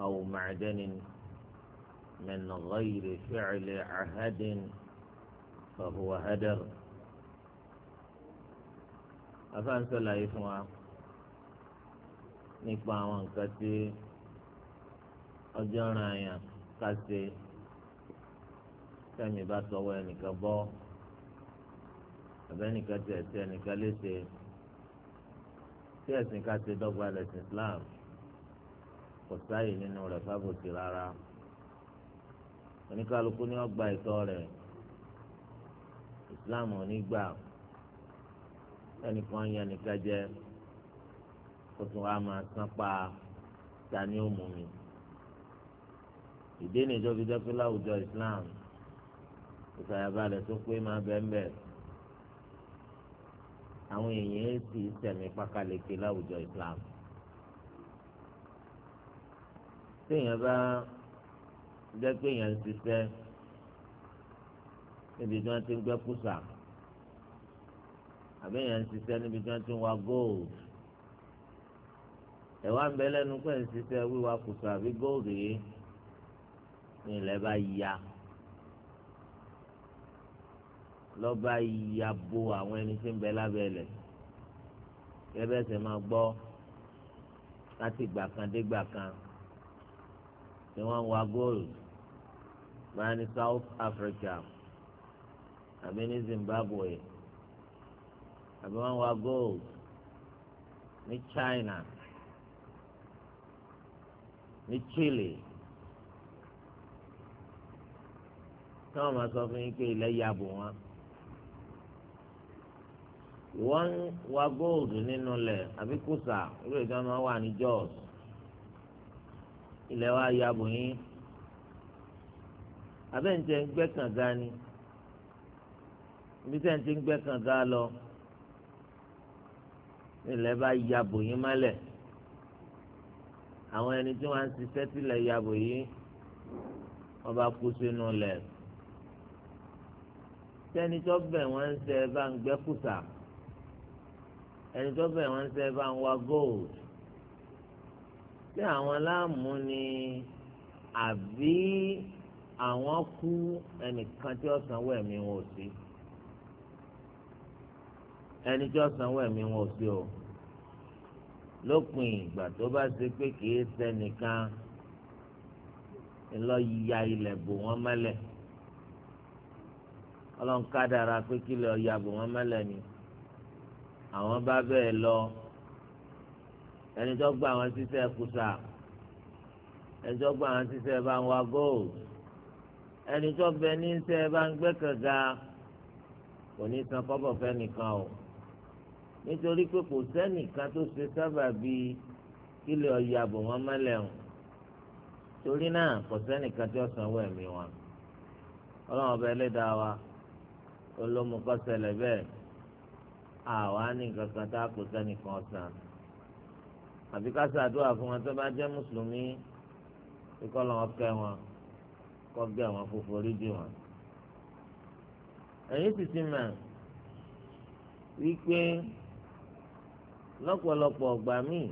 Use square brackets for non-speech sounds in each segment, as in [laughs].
أو معدن من غير فعل عهد فهو هدر afaan sọláyé fún wa nípa àwọn nǹkan tí ọjọ́ ran àyàn ká ṣe sẹ́mi bá tọwọ́ ẹnìkan bọ́ àbẹ́nìkan tẹ̀ ẹ̀sẹ̀ ẹnìkan léṣe tí ẹ̀sìn ká ṣe dọ́gba lẹ́sìn Islam kò sáàyè nínú rẹ̀ fábòsí rárá oníkálukú ni ọgbà ìtọ́ rẹ̀ islam onígbà ẹnìkan yẹn nìkan jẹ kó tún wá máa sán pa ta ni ó mú mi ìdí nìjọ fi jẹ́ láwùjọ islam ìfàyàbalẹ̀ tó pé máa bẹ́ẹ̀ bẹ́ẹ̀ àwọn èèyàn sì tẹ̀mí pákáleke láwùjọ islam. téèyàn bá jẹ́ pé èèyàn ń ṣiṣẹ́ níbi tí wọ́n ti ń gbẹ́ kùsà àbí èèyàn ń ṣiṣẹ́ níbi tí wọ́n ti ń wa gold ẹ̀wá ń bẹ lẹ́nu pé ń ṣiṣẹ́ wíwa kùsà àbí gold yìí ní ilẹ̀ bá ya lọ́ba ya bo àwọn ẹni tí ń bẹ lábẹ́ ilẹ̀ kẹ́bẹ́sẹ̀ máa gbọ́ láti gbà kan dé gbà kan tí wọ́n ń wa máa ní South Africa àbí ní Zimbabwe àbí wọ́n ń wa gold ní China ní Chile tí wọ́n máa sọ fún yín pé ilẹ̀ ya bò wọ́n wọ́n ń wa nínú lẹ̀ àbí kùsà irú ìjọba wà ní Jos ilẹ̀ wa ya bò yín abẹ́ǹtẹ̀ ń gbẹ́ kànga ni ibi tẹ́ǹtẹ̀ ń gbẹ́ kànga lọ ilẹ̀ bá ya bò yín mọ́lẹ̀ àwọn ẹni tí wọ́n á ṣiṣẹ́ tilẹ̀ ya bò yín wọ́n bá kú sínú lẹ̀ tẹ́ni tó bẹ̀ wọ́n ń ṣe bá ń gbẹ́ kùsà ẹni tó bẹ̀ wọ́n ń ṣe bá ń wá gold sí àwọn láàmú ni àbí àwọn kú ẹnìkan tí ó sanwó ẹ̀mí wọn ò sí ẹni tí ó sanwó ẹ̀mí wọn ò sí o lópin ìgbà tó bá ṣe pé kì í ṣẹnìkan ńlọ ya ilẹ̀ bò wọ́n mẹ́lẹ̀ ọlọ́nkádàra pé kí lọ́ọ́ ya bò wọ́n mẹ́lẹ̀ ni àwọn bá bẹ́ẹ̀ lọ ẹni tó gba àwọn ṣiṣẹ́ kùsà ẹni tó gba àwọn ṣiṣẹ́ bá ń wa gold ẹni tó bẹ ní ṣe bá ń gbẹ́ kànga kò ní san kọ́bọ̀ fẹ́nìkan o nítorí pé kò sẹ́nìkan tó ṣe sábà bíi kílẹ̀ ọ̀yà bò wọ́n mẹ́lẹ̀ o torí náà kò sẹ́nìkan tó sanwó ẹ̀mí wọn ọlọ́run ọba ẹlẹ́dàá wa olómukọ́sẹ̀lẹ̀ bẹ́ẹ̀ àwa ní nǹkan kan tá a kò sẹ́nìkan ọ̀sán àbí ká ṣàdúrà fún wọn tó bá jẹ́ mùsùlùmí kíkọ́ lọ́wọ́ kẹ́ wọn kọ́ gbé àwọn fòfò oríjì wọn. ẹ̀yin sì ti mà wípé lọ́pọ̀lọpọ̀ ọ̀gbà míì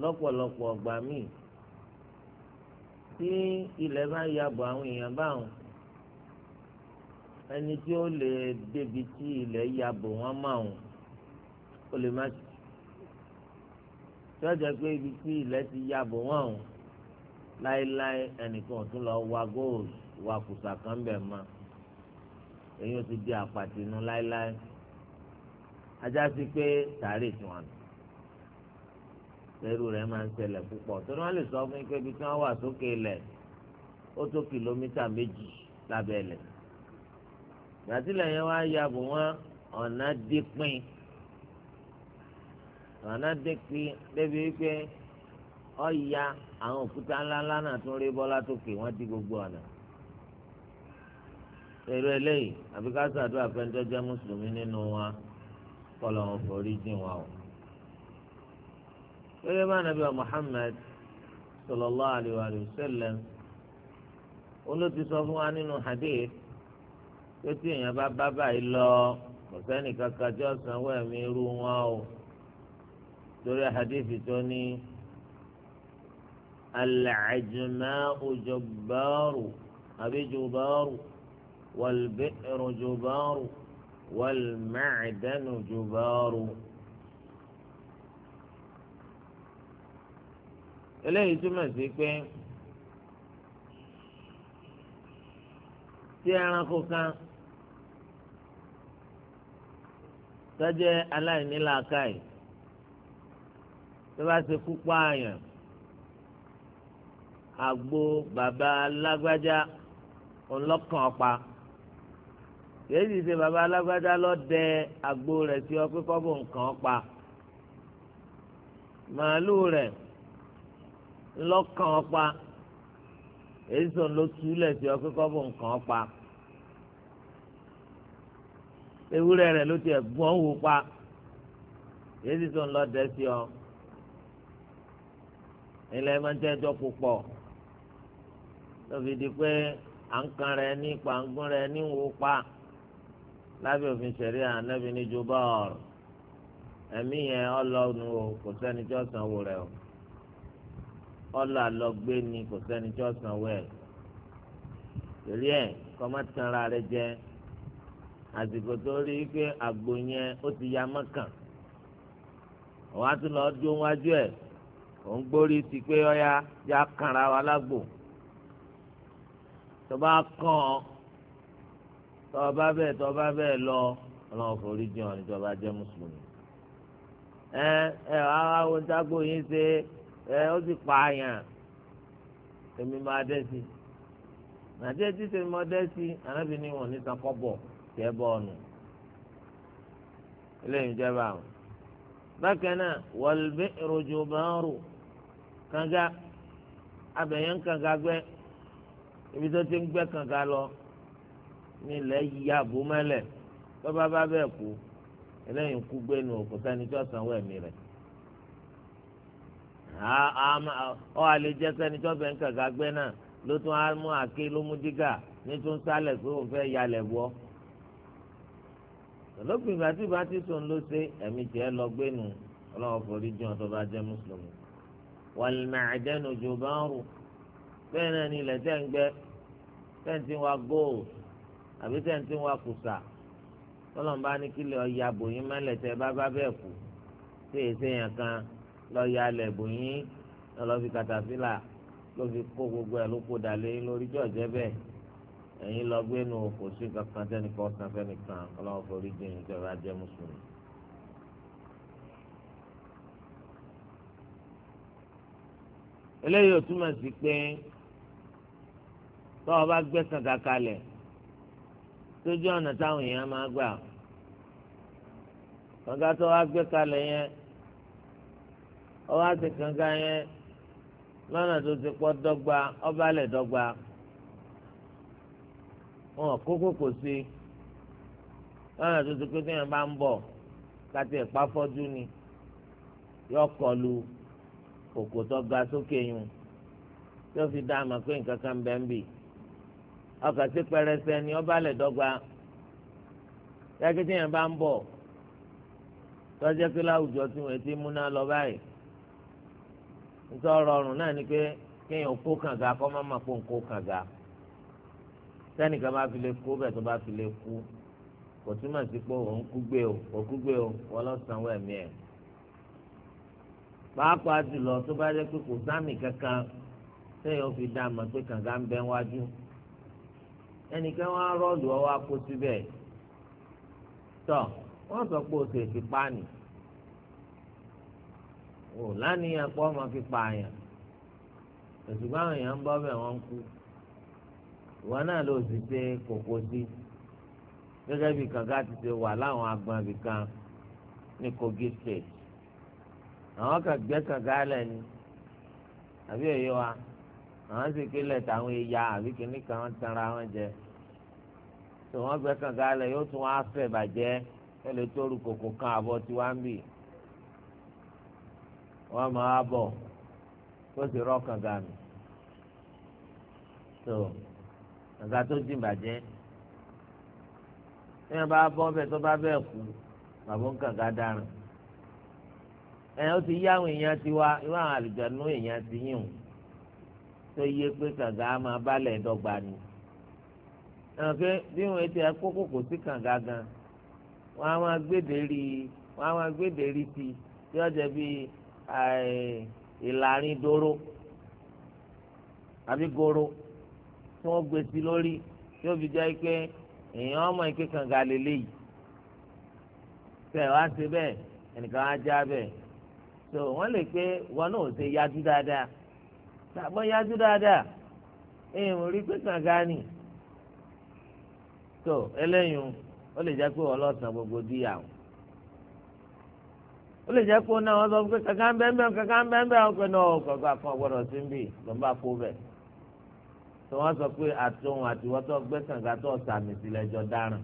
lọ́pọ̀lọpọ̀ ọ̀gbà míì tí ilẹ̀ bá ya bọ̀ àwọn èèyàn báwọn ẹni tí ó lè débi tí ilẹ̀ ya bọ̀ wọ́n máa wọn ó lè má sí tí wọ́n jẹ́ pé ibi tí ilẹ̀ ti ya bò wọ́n o láéláé ẹnìkan tún lọ wa góòlù wa kùsà kan bẹ̀ mọ́ èyí ó ti di àpàtì inú láéláé ajá sí pé tààrí tí wọn lérú rẹ̀ máa ń ṣẹlẹ̀ púpọ̀ torí wọ́n lè sọ fún pé ibi tí wọ́n wà sókè ilẹ̀ ó tó kìlómítà méjì lábẹ́ ilẹ̀ ìgbà tí wá ya bò wọ́n ọ̀nà dípin. rànà dẹ́kpi débi wípé ya àwọn òkúta ńláńlá náà tún rí bọ́lá tókè wọ́n di gbogbo ọ̀nà. èrò eléyìí àbí ká ṣàdúrà pẹ́ńtọ́ jẹ́ mùsùlùmí nínú wa kọ́lọ̀ wọn forí jìn wa o. gẹ́gẹ́ bá nàbí wa Muhammad sallallahu alayhi wa sallam olóòtú sọ fún wa nínú hadith pé tí èèyàn bá bá báyìí lọ kò sẹ́nì kankan tí irú wọn o. torí hadith tó ní al-ajma'u jubbaru àbí jubbaru wal-bi'ru jubbaru wal-ma'danu jubbaru. eléyìí túmọ̀ sí pé tí ẹranko kan tó jẹ́ yìí tó bá ṣe kú pààyàn àgbo bàbá alágbájá ọlọ́kàn ọ̀pá kìí sì ṣe bàbá alágbájá lọ dẹ àgbo rẹ̀ tí ọ pé kọ́bọ̀ nǹkan ọ̀pá màálù rẹ̀ ńlọ́kàn ọ̀pá èyí sọ̀n ló túlẹ̀ tí ọ pé kọ́bọ̀ nǹkan ọ̀pá ewúrẹ́ rẹ̀ ló tiẹ̀ gbọ́n wò pa èyí sì sọ̀n lọ dẹ sí ọ ilẹ̀ máa ń tẹ́jọ́ púpọ̀ lọ́fi di pé à ń kan rẹ ní pàǹgùn rẹ ní wò pa lábẹ́ òfin ṣẹ̀rí ànábì ní ju bọ́ọ̀rù ẹ̀mí yẹn ọlọ́nu o kò sẹ́ni tí ó sanwó rẹ o ọlọ́ àlọ́gbé ni kò sẹ́ni tí ó sanwó ẹ̀ torí ẹ̀ kọ́ má tanra rẹ jẹ àsìkò tó rí i pé àgbo yẹn ó ti ya mọ́kàn ọ̀wá tún lọ́ọ́ dún wájú ẹ̀ òun gbórí sí pé ọyá já kanra wa lágbo tó bá kàn ọ́ tó bá bẹ́ẹ̀ tó bá bẹ́ẹ̀ lọ ọlọ́run forí jìn ọ́ ní tó bá jẹ́ mùsùlùmí ẹ ẹ àwọn ohunjágbó yín ṣe ẹ ó sì pààyàn èmi máa dẹ́ sí nàdí ẹ ti ṣe mọ́ dẹ́ sí arábìnrin wọn ní sankọ́bọ̀ tẹ́ bọ́ọ̀nù eléyìí jẹ́ báwọn bákan náà wal bi'ru jubaru. Kanga, abẹ̀yẹn kanga kànga gbẹ́ ibi tó ti ń gbẹ́ kànga lọ nílẹ̀ yíya bò mẹ́lẹ̀ tọ́ba bá bẹ́ẹ̀ kú ẹlẹ́yìn kú gbé nu òkúta ní tó sanwó ẹ̀mí rẹ̀ ọ àlè jẹ́ sẹ́ni tó bẹ̀ ń kànga gbẹ́ náà ló tún á mú àké ló mú dígà ní tó ń sálẹ̀ pé òun fẹ́ yalẹ̀ wọ́ lópin ìgbà tí ìbá ti sùn ló ṣe ẹ̀mí tiẹ̀ lọ gbé nu ọlọ́wọ́ forí jẹun tó bá jẹ́ mùsùlùmí wàlmàdánù jùbọ́nrù bẹ́ẹ̀ náà ni ilẹ̀ tẹ́ ń gbẹ́ tẹ́ǹtì wa gold àbí tẹ́ǹtì wa kùsà tọ́lọ́mbà ní kílẹ̀ ọ̀ya bòyín mẹ́lẹ̀ tẹ́ bá bá bẹ́ẹ̀ kù tí èsè yẹn kan lọ́ọ̀ya lẹ̀ bòyín lọ́ọ̀fi kàtàfílà ló fi kó gbogbo ẹ̀ ló kó dalẹ̀ lórí jọ̀jẹ́ bẹ́ẹ̀ ẹ̀yin lọ gbénu kò sí kankan tẹ́nìkan sanfẹ́nìkan ọlọ́wọ́ forí dín ìjọba jẹ́ mùsùlùmí. eléyìí ò túmọ̀ sí pé tó o bá gbé kàkà kalẹ̀ tójú ọ̀nà táwọn èèyàn máa gbà kànga tó wá gbé kalẹ̀ yẹn ó wá ti kànga yẹn lọ́nà tó ti pọ̀ dọ́gba ọba lẹ̀ dọ́gba wọn kókó kò sí lọ́nà tó ti pé téèyàn bá ń bọ̀ káti ẹ̀pá fọ́jú ni yọ kọlu kòkò tó ga sókè yun tí ó fi dá àmà pé nǹkan kan bẹ́ẹ̀ ń bì ọkà sí pẹrẹsẹ ni ọba lè dọ́gba yàgídìyàn bá ń bọ̀ tọ́jẹ́ pé láwùjọ tí wọ́n ti múná lọ báyìí nítorí ọrùn náà ni pé kéèyàn kó kànga kọ́ má máa kó nǹkó kànga sẹ́nìkan bá fi lè kó bẹ́ẹ̀ tó bá fi lè kú kò túmọ̀ sí pé òun kú gbé o òkú gbé o wọ́n lọ sanwó ẹ̀mí ẹ̀ pàápàá jùlọ tó bá jẹ́ pé kò sáàmì kankan sẹ́yìn fi dá mọ̀ pé kànga ń bẹ wájú ẹnìkan wọn rọ́ọ̀lù ọwọ́ akó síbẹ̀ tọ́ wọ́n sọ pé o sì fi pààyàn o lánìyàn pọ́ ọmọ fi pààyàn òṣùgbọ́n àwọn èèyàn ń bọ́ bẹ̀ wọ́n ń kú ìwọ náà ló sì ṣe kòkó sí gẹ́gẹ́ bí kànga ti ṣe wà láwọn agbọ̀n ibìkan ní Kogi state àwọn kan gbẹ́ kànga lẹ̀ ni àbí òye wa àwọn sì kílẹ̀ táwọn ẹ̀yà àbí kìnnì kan wọ́n tanra wọn jẹ tó wọ́n gbẹ́ kànga lẹ̀ yóò tún wá fẹ̀ bàjẹ́ ẹ lè tó ru kòkò kan àbọ̀ tí wọ́n ń bì wọ́n máa bọ̀ kó sì rọ́ kànga mi tó kànga tó dì bàjẹ́ tí wọ́n bá bọ́ bẹ́ẹ̀ tó bá bẹ́ẹ̀ kú bàbá ń kànga dáràn ẹ ó ti yá àwọn èèyàn ti wá irú àwọn àlùjànnú èèyàn ti yín o tó yẹ pé kànga á máa bálẹ̀ dọ́gba ni ẹnì pé bí wọn ti ẹ kó kòkò sí kànga gan wọn á máa gbéde rí wọn á máa gbéde rí ti tí wọn jẹ bí ìlàrin dóró àbí goro tí wọn gbé sí lórí tí ó fi jẹ́ pé èèyàn ọmọ ike kànga lélẹ́yìí tẹ̀ wá sí bẹ́ẹ̀ ẹnìkan á já bẹ́ẹ̀ so wọ́n lè pé wọn náà ò ṣe yájú dáadáa tàbọ̀ yájú dáadáa èèyàn rí pé kànga ni so eléyìí ó lè jẹ́ pé ọlọ́sàn gbogbo díyà o ó lè jẹ́ pé ó náà wọ́n sọ pé kànga ń bẹ́ẹ̀ bẹ́ẹ̀ kànga ń bẹ́ẹ̀ bẹ́ẹ̀ wọ́n pe náà kọ̀ọ̀kan kan gbọ́dọ̀ sí níbí ló ń bá kó bẹ̀ tí wọ́n sọ pé àtòun àtiwọ́tọ́ gbé kànga tó sàmì sílẹ̀ jọ dáràn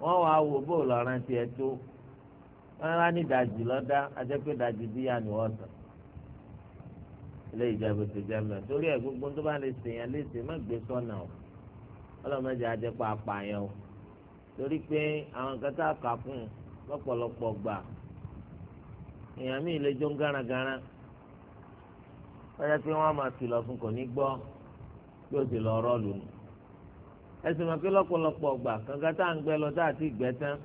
wọ́n wàá wò bó lọ́rán tiẹ̀ tó wọn wá ní ìdajì lọ́dá ajẹ́pẹ́ ìdajì díyà ni wọ́n sàn ilé ìjẹ́bù ti jẹ́ mẹ́ torí ẹ̀ gbogbo tó bá lè sèyàn lè sè má gbé sọ́nà o ọlọ́mọdé ajẹ́pẹ́ apààyàn o torí pé àwọn nǹkan tá a kà kún lọ́pọ̀lọpọ̀ gbà èèyàn míì lè jó ń garagara wọ́n yẹ pé wọ́n máa kìlọ̀ fún kò ní gbọ́ bí ó ti lọ rọ́ọ̀lù nù ẹ̀sìn mọ̀ pé lọ́pọ̀lọpọ̀ gbà kàǹkà tá à ń gbẹ lọ tá à ti gbẹ tán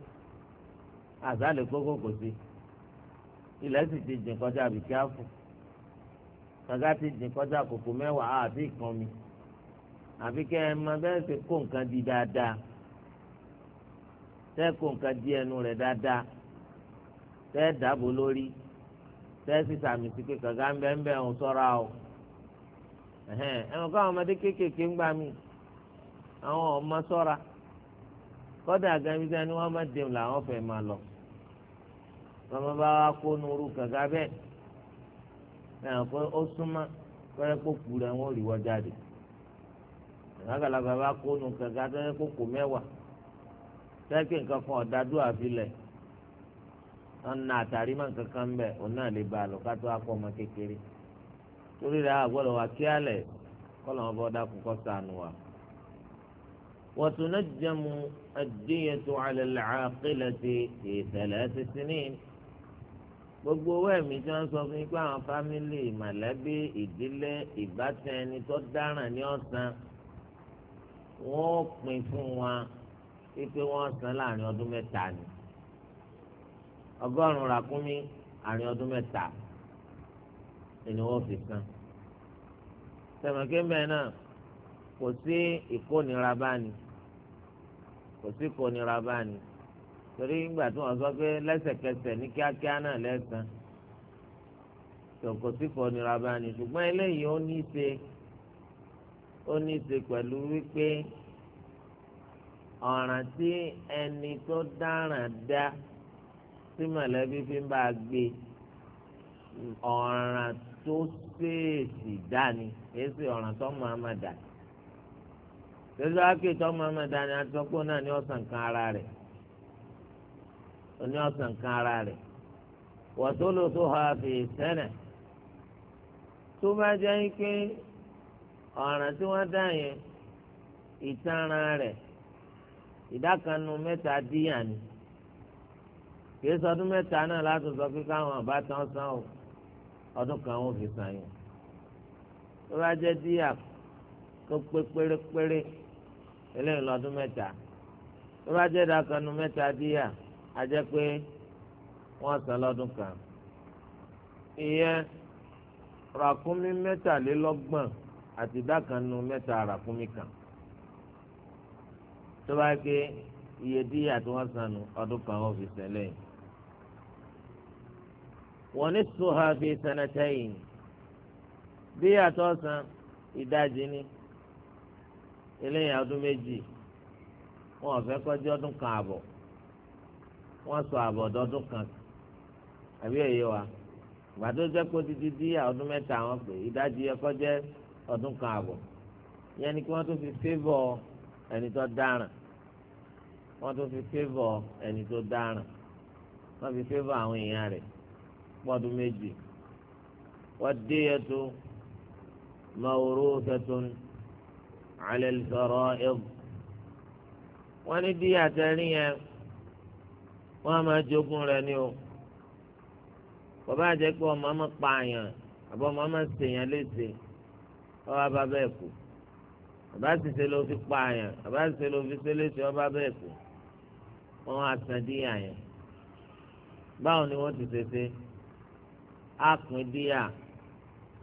àzálẹ̀ kókó kò sí ilẹ̀ sì ti jìn kọjá àbíkí àfọ̀ kàgá ti jìn kọjá kòkò mẹ́wàá àti ìkan mi àfi kẹ́ ẹ máa bẹ́ẹ̀ ṣe kó nǹkan di dáadáa tẹ́ kó nǹkan di ẹnu rẹ̀ dáadáa tẹ́ dàbò lórí tẹ́ sì sàmì sí pé kàgá ń bẹ́ẹ̀ ń bẹ́ẹ̀ ń sọ́ra o ẹ̀wọ̀n káwọn ọmọdé kéékèèké ń gbà mí àwọn ọmọ sọ́ra kọ́dà gan ibi sẹ́ni wọ́n máa dẹ̀m làwọn fẹ́ máa lọ lọ́mọ bá wá kó nuru gàgà bẹ́ẹ̀ náà kó ó súnmọ́ kọ́yẹ́ kó kú rẹ̀ wọ́n rí wọ́n jáde àgbàlagbà bá kó nu gàgà tọ́yẹ́ kó kó mẹ́wàá sẹ́kì nǹkan kan ọ̀dàdú àfilẹ̀ ọ̀nà àtàrí mọ̀ nǹkan kan ń òun náà lè ba àlọ́ akọ ọmọ kékeré torí rẹ̀ àgbọ̀dọ̀ wà kí alẹ̀ kọ́lọ̀ wọn bọ́ dákun kọ́ sànù wa. وتنجم الدية على العاقلة في ثلاث سنين gbogbo owó ẹ̀mí tí wọ́n sọ fún yín pé àwọn fámìlì mọ̀lẹ́bí ìdílé ìbátan ẹni tó dáràn ní ọ̀sán wọ́n pín fún wa pé wọ́n san láàrin ọdún mẹ́ta ni ọgọ́rùn-ún ràkúnmí àárín ọdún mẹ́ta ni wọ́n fi san tẹ̀mọ̀kẹ́mẹ́ náà kò sí ìkónira báni kò sí ìkónira báni torí ìgbà tí wọ́n sọ pé lẹ́sẹ̀kẹsẹ̀ ní kíákíá náà lẹ́sàn tòkòtì fọnira bá ní ṣùgbọ́n eléyìí ó ní í ṣe ó ní í ṣe pẹ̀lú wípé ọ̀ràn tí ẹni tó dáràn dá tí mọ̀lẹ́bí fi ń bá a gbé ọ̀ràn tó ṣèèṣì dání èsì ọ̀ràn tó máa ma dà tẹ́sí wákè tó máa ma dání àti sọ́kpó náà ní ọ̀sán kan ara rẹ̀ oní ọ̀sán kan ara rẹ̀ wàtólótó ha fi sẹ́nẹ̀ tó bá jẹ́ pé ọ̀ràn tí wọ́n dá yẹn ìtanràn rẹ̀ ìdákanu mẹ́ta díyà ni kìí sọdún mẹ́ta náà láti sọ pé káwọn àbátan san o ọdún kan wọn fi san yẹn tó bá jẹ́ díyà tó pé pérépéré eléyìí lọ́dún mẹ́ta tó bá jẹ́ ìdákanu mẹ́ta díyà a jẹ́ pé wọ́n san lọ́dún kan ìyẹn ràkúnmí mẹ́tàlélọ́gbọ̀n àti dákanu mẹ́ta ràkúnmí kan tó bá ké iye díyà tí wọ́n san nù ọdún kan wọ́n fi sẹ́lẹ̀ yìí wọ́n ní sùhà fi sẹ́nẹ́tẹ́ yìí díyà tó san ìdajì ni eléyìí ọdún méjì wọn fẹ́ kọjá ọdún kan àbọ̀ wọ́n sọ àbọ̀dọ̀ ọdún kan àbí ẹ̀yẹ wa ìgbà tó jẹ́ kó títí dí ọdún mẹ́ta àwọn pè ìdajì ẹ̀kọ́ jẹ́ ọdún kan àbọ̀ ìyẹn ni kí wọ́n tó fi fẹ́vọ̀ ẹni tó dáràn wọ́n tó fi fẹ́vọ̀ ẹni tó dáràn wọ́n fi fẹ́vọ̀ àwọn èèyàn rẹ̀ pọ́dún méjì wọ́n dé ẹ̀tọ́ mawrutatun ala al-fara'id wọ́n ní díyà tẹ́lẹ̀ yẹn wọ́n á máa jogún rẹ̀ ni o bàbá àjẹ́ pé ọmọ ọmọ pa àyàn àbọ̀ ọmọ ọmọ sèèyàn léṣe ọba bá bẹ́ẹ̀ kú bàbá àṣìṣe ló fi pa àyàn bàbá àṣìṣe ló fi ṣe léṣe ọba bẹ́ẹ̀ kú wọ́n á san díyà yẹn báwo ni wọ́n ti ṣe ṣe á pín díyà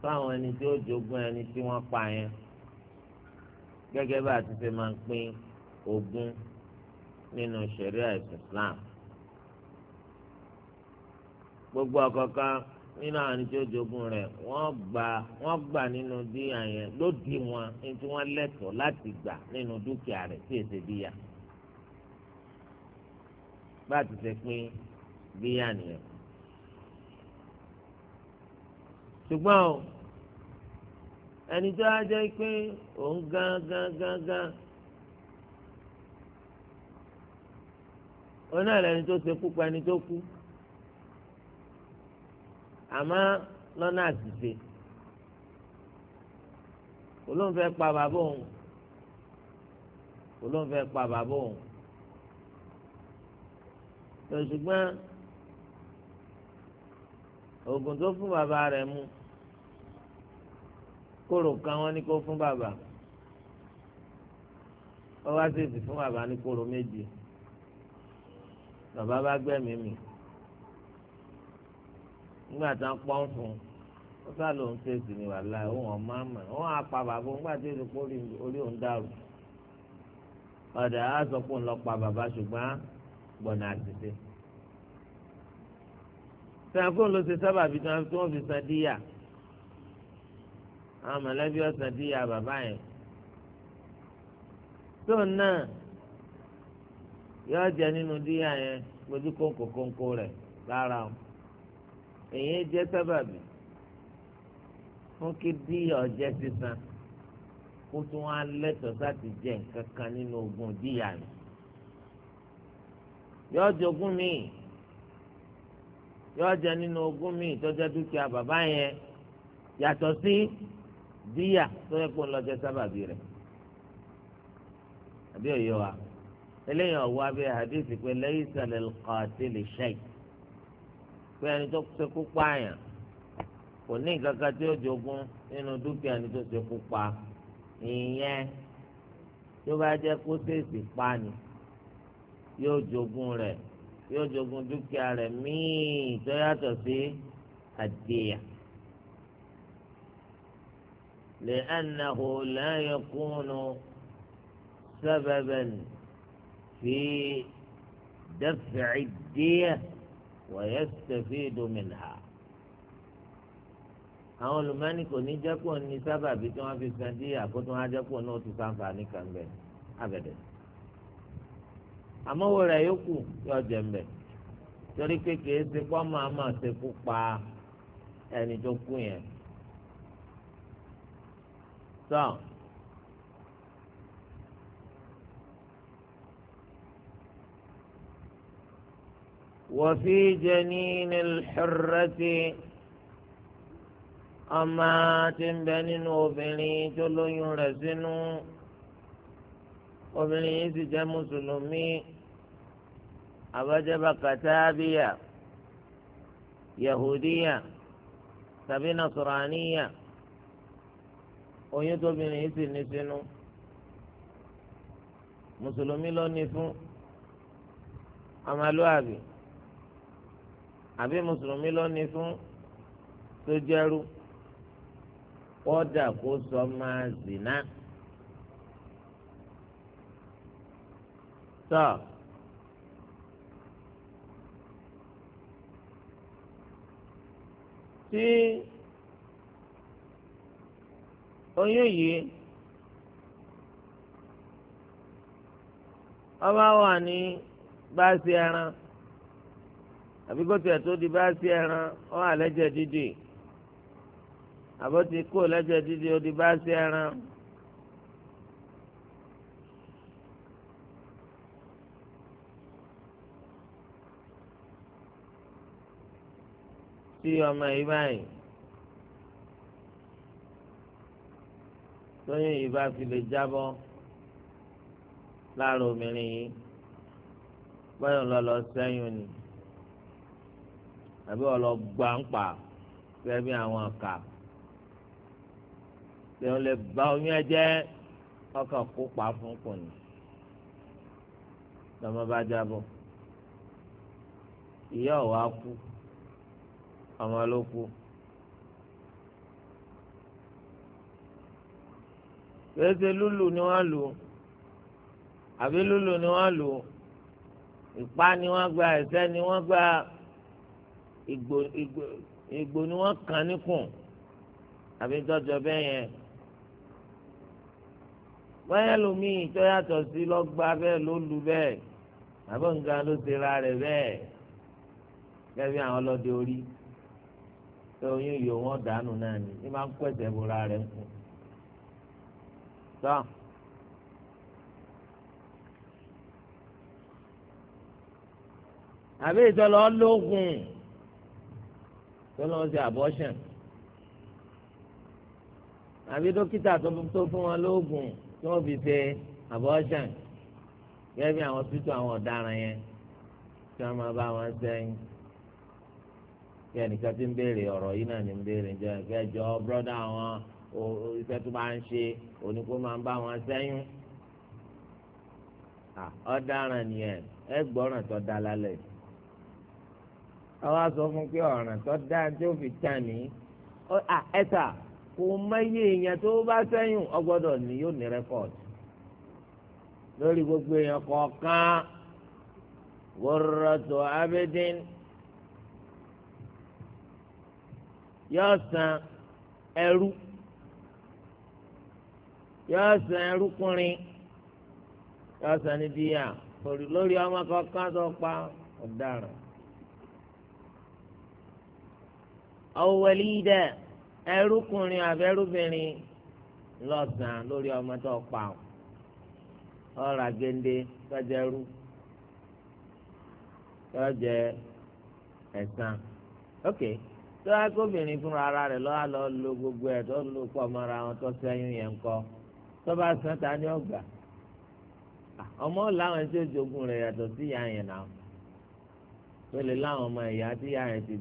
fáwọn ẹni tí ó jogún ẹni tí wọ́n pa yẹn gẹ́gẹ́ bá a máa ń pín ogún nínú ṣẹ̀ríà ìsìláàmù gbogbo ọ̀kọ̀ọ̀kan nínú àwọn tí ó jogún rẹ̀ wọ́n gbà wọ́n gbà nínú díyà yẹn lódì wọn ní tí wọ́n lẹ́tọ̀ọ́ láti gbà nínú dúkìá rẹ̀ tí èsè díyà bá a ti ṣe pín díyà nìyẹn. ṣùgbọ́n o ẹni tó á jẹ́ pé òun gán gán gán gán onáà lẹni tó ṣe kú pa ẹni tó kú àmọ́ lọ́nà àṣìṣe olóńfẹ́ pa bàbá òun olóńfẹ́ pa bàbá òun tó ṣùgbọ́n oògùn tó fún bàbá rẹ̀ mu kóró kan wọ́n ní kó fún bàbá ó wá sí ìsìn fún bàbá ní kóró méjì bàbá bá gbẹ́mìí mi. mi nígbà tá a pọ́n fún un ó sá ló ń fèsì ní wàhálà òun ọ̀ma mà òun àpa bàbá òun gbàdé ìdìpọ̀ orí òun dàrú ọ̀dà á sọ pé òun lọ pa bàbá ṣùgbọ́n gbọ̀nà àtìsẹ́ sàǹfóun ló ṣe sábà bí tí wọ́n fi san díyà àwọn mọ̀lẹ́bí ọ̀sán díyà bàbá yẹn tóun náà yọ jẹ nínú díyà yẹn lójú kóńkó kóńkó lára o èyí jẹ́ sábàbí fún kí díyà ọjẹ́ sísan kó tún wá lẹ́tọ̀ọ́ láti jẹ nǹkan kan nínú ogún díyà rẹ̀ yóò jogún míì yóò jẹ nínú ogún míì tó dúkìá bàbá yẹn yàtọ̀ sí díyà tó yẹ kó ń lọ sábàbí rẹ̀ àbí òye wa eléyìí ọ̀wọ́ abẹ́ hadith pé laysa lil qatil shay' pé ẹni tó ṣekú pààyàn kò ní nǹkan kan tí ó jogún nínú dúkìá ẹni tó ṣekú pa ìyẹn tó bá jẹ́ kó ṣèèṣì pa ni yóò jogún rẹ̀ yóò jogún dúkìá rẹ̀ míì tó yàtọ̀ sí àdìyà. لأنه لا يكون سببا في دفع الدية ويستفيد منها àwọn olùmọ́ni kò ní jẹ́ kó ní sábàbí tí wọ́n fi san díyà kó tó wọ́n á jẹ́ kó náà ti sáǹfààní kan bẹ́ẹ̀ abẹ̀dẹ̀. àmọ́wò rẹ̀ yókù yóò jẹ́ ń torí pé kìí ṣe pọ́ máa máa ṣe kú pa ẹni tó kú yẹn. وفي جنين الحرة أما تنبنين وبنين تلو رسنو obìnrin yìí sì jẹ́ mùsùlùmí abájábá kàtàbíyà yahudiya tàbí nasraniya oyún tóbìnrin yìí sì ní sínú mùsùlùmí ló ní fún ọmọlúwàbí àbí mùsùlùmí ló ní fún tó jẹ́rú kódà kó sọ máa zìnà. tọ́ tí oyún yìí ọba wà ní bá ṣe ẹran àbí kótó ẹ̀ tó di bá sí ẹran ó hàn lẹ́jẹ̀ dídì àbó ti kó lẹ́jẹ̀ dídì ó di bá sí ẹran. tí ọmọ yìí báyìí tóyún yìí bá fi lè jábọ́ lára obìnrin yìí báyọ̀ lọ́lọ́ sẹ́yìn ni àbí wọ́n lọ gbà ń pa gẹ́gẹ́ bí àwọn àkà tí wọ́n lè ba oyún ẹ jẹ́ ọkàn kópa fún kùnì lọ́mọ bá jábọ̀ ìyá ọ̀wá kú ọmọ ló kú. kéésì lúlù ni wọ́n lù àbí lúlù ni wọ́n lù ìpá ni wọ́n gbà ẹ̀sẹ̀ ni wọ́n gbà ìgbò ìgbò ìgbò ni wọ́n kàn níkùn àbí tọ́jọ́ bẹ́ẹ̀ yẹn báyà lómii tó yàtọ̀ sí lọ́gbà bẹ́ẹ̀ ló lu bẹ́ẹ̀ àbọ̀ nǹkan ló ti ra rẹ̀ bẹ́ẹ̀ gẹ́gẹ́ àwọn ọlọ́dẹ orí tó oyún yòó wọ́n dànù náà ni ní máa ń pẹ̀sẹ̀ bora rẹ̀ ń kùn. tán. àbí ìtọ́lọ́ lóògùn tó lọ sí abortion àbí dókítà tó fún wọn lóògùn tí wọ́n fi ṣe abortion gẹ́gẹ́ bí àwọn títú àwọn ọ̀daràn yẹn tí wọ́n máa bá wọn sẹ́yìn kí ẹnìkan ti ń béèrè ọ̀rọ̀ yìí náà ni ń béèrè ń jẹ́ ẹ̀kẹ́jọ bọ́dà àwọn iṣẹ́ tó máa ń ṣe òní kó máa ń bá wọn sẹ́yìn ọ̀daràn nìyẹn ẹ gbọ́ràn tó dá lálẹ́ yìí. àwọn aṣọ fún pé ọ̀ràn tó dáa tí fi tàn ní ẹ̀sà kò mọyé èèyàn tó bá sẹ́yìn ọgbọ́dọ̀ ni yóò ní rẹ́kọ̀dì lórí gbogbo èèyàn kọ̀ọ̀kan wọ́rọ̀tò abidin yóò san ẹrú yóò san ẹrúkùnrin yóò san lórí ọmọ kọ̀ọ̀kan tó aw walida ẹrúkùnrin àbẹ́rúbìnrin lọ́sàn-án lórí ọmọ tó pa ọ́ ọ̀rà gèdè tọ́jà ẹrú tọ́jà ok tó fúnra ara rẹ lọ́wọ́ lọ lo gbogbo ẹ̀ tó lò pọ̀ mọ́ra wọn tó sẹ́yìn yẹn kọ́ tó bá sàn ta ni ọmọ làwọn yàtọ̀ sí ìyá yẹn náà ọmọ ìyá tí ìyá yẹn ti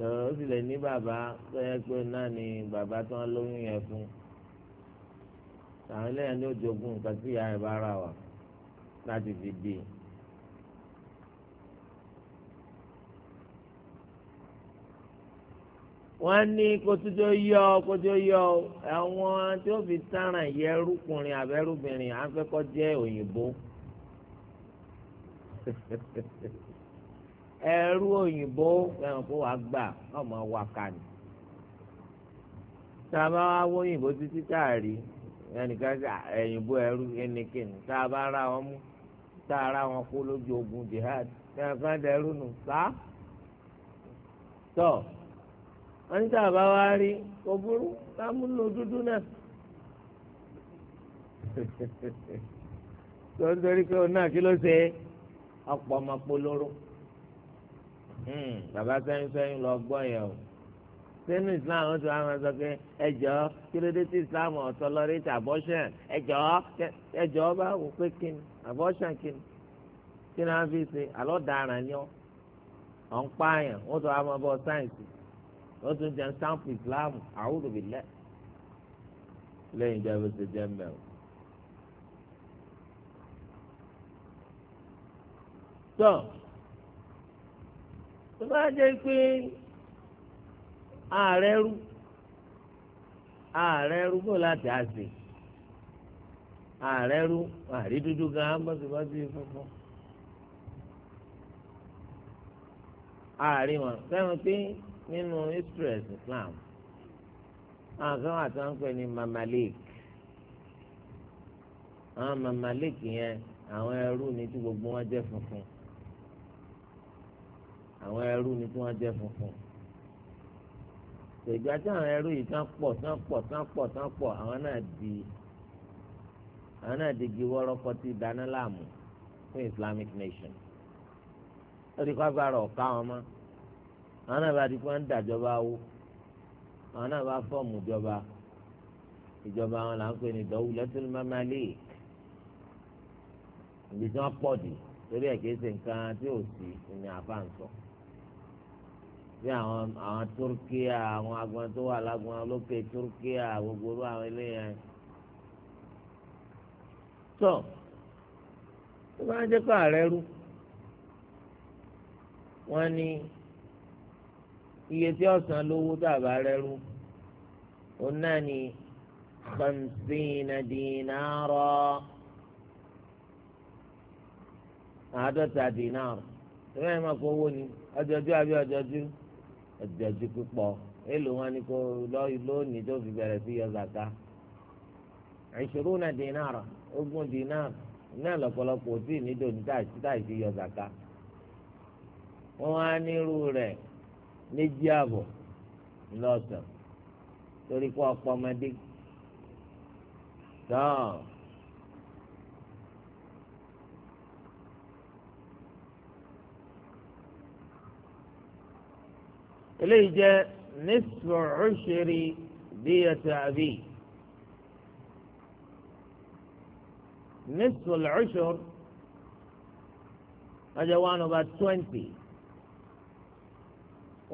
ó sì lè ní bàbá tó yẹ pé náà ni bàbá tó ń lóyún yẹn fún àwọn eléyàn ló jogún nǹkan tí ìyá rẹ̀ bá rà wá láti fi bí i. wọ́n ní kótójó yọ kótójó yọ àwọn tí ó fi tàràn yẹ ẹrúkùnrin àbẹ́rúbìnrin à jẹ́ òyìnbó. [laughs] ẹrú òyìnbó ẹ̀hún kó wàá gbà ọmọ wa kà ní. tá a bá wá wó òyìnbó títí tá a rí ẹnìkan sí ẹ̀yìnbó ẹrú ẹnìkìnnì tá a bá ra wọn mú tá a ra wọn kó lójú ogun jihad ẹnìkan dẹrú nù sá. tọ́ wọ́n ní tá a bá wá rí kò burú ká mú lò dúdú náà. [laughs] tó ń torí pé òun náà kí ló ṣe ọ̀pọ̀ ọmọ polówó. Hmm, bàbá sẹ́yìn sẹ́yìn lọ gbọ́ yẹn o sínú islam ó ti wá máa sọ pé ẹjọ́ kí ló dé tí islam ọ̀tọ̀ lọ́rí ti abortion ẹjọ́ ẹjọ́ bá wò pé kí ni abortion kí ni kí ni wọ́n fi ṣe àlọ́ dara ni ọ́ ọ̀ ń pààyàn ó ti wá máa bọ́ sáyẹ̀nsì ó tún jẹ́ sáǹpù islam a'udhu lẹ́yìn ìjọba ṣe jẹ́ mẹ́rin. tó tó bá jẹ́ pé ààrẹ rú ààrẹ rú bó láti àṣè ààrẹ rú àrí dúdú gan bọ́sibọ́sí fúnfún ààrí wọn sẹ́wọ̀n pé nínú israel islam àwọn kan wà tó ń pè ní mamalik àwọn mamalik yẹn àwọn ẹrú ni tí gbogbo wọn jẹ́ funfun àwọn ẹrú ni tí wọ́n jẹ́ funfun ṣègbà tí àwọn ẹrú yìí tán pọ̀ tán pọ̀ tán pọ̀ tán pọ̀ àwọn náà di àwọn náà di gi wọ́rọ́kọ́ ti dáná láàmú fún Islamic nation lórí kó agbára ọ̀ka wọn mọ́ àwọn náà bá di pé wọ́n ń dàjọba wó àwọn náà bá fọ́ọ̀mù ìjọba ìjọba wọn là ń pè ní dawlatul mamalik ibi tí wọ́n pọ̀ dì lórí ẹ̀ kìí ṣe nǹkan tí ò sí ìní àbá ń sọ. So bí àwọn àwọn turkiya àwọn agbọn tó wà lágbọn lókè turkiya gbogbo irú àwọn eléyàn. tó tó bá ń jẹ́ kó ààrẹ rú wọ́n ní iye tí ọ̀sán lówó tàbá rẹ rú òun náà ní khamsina àádọ́ta dinara ìwé ẹ̀ kó owó ni ọjọ́jú àbí ọjọ́jú ọ̀dẹ̀jú pípọ̀ èlò wọn ni kò lónìí tó fi bẹ̀rẹ̀ sí yọ zaka ìṣirúnà dínàrà ogún dínàrà náà lọ́pọ̀lọpọ̀ tí nídò ní táìsí yọ zaka wọn á nírú rẹ̀ méjì àbọ̀ lọ́sàn torí kó ọ̀pọ̀ ọmọdé tán. eléyìí jẹ́ nisfu ushri diyata abi nisfu al ọjọ́ one over twenty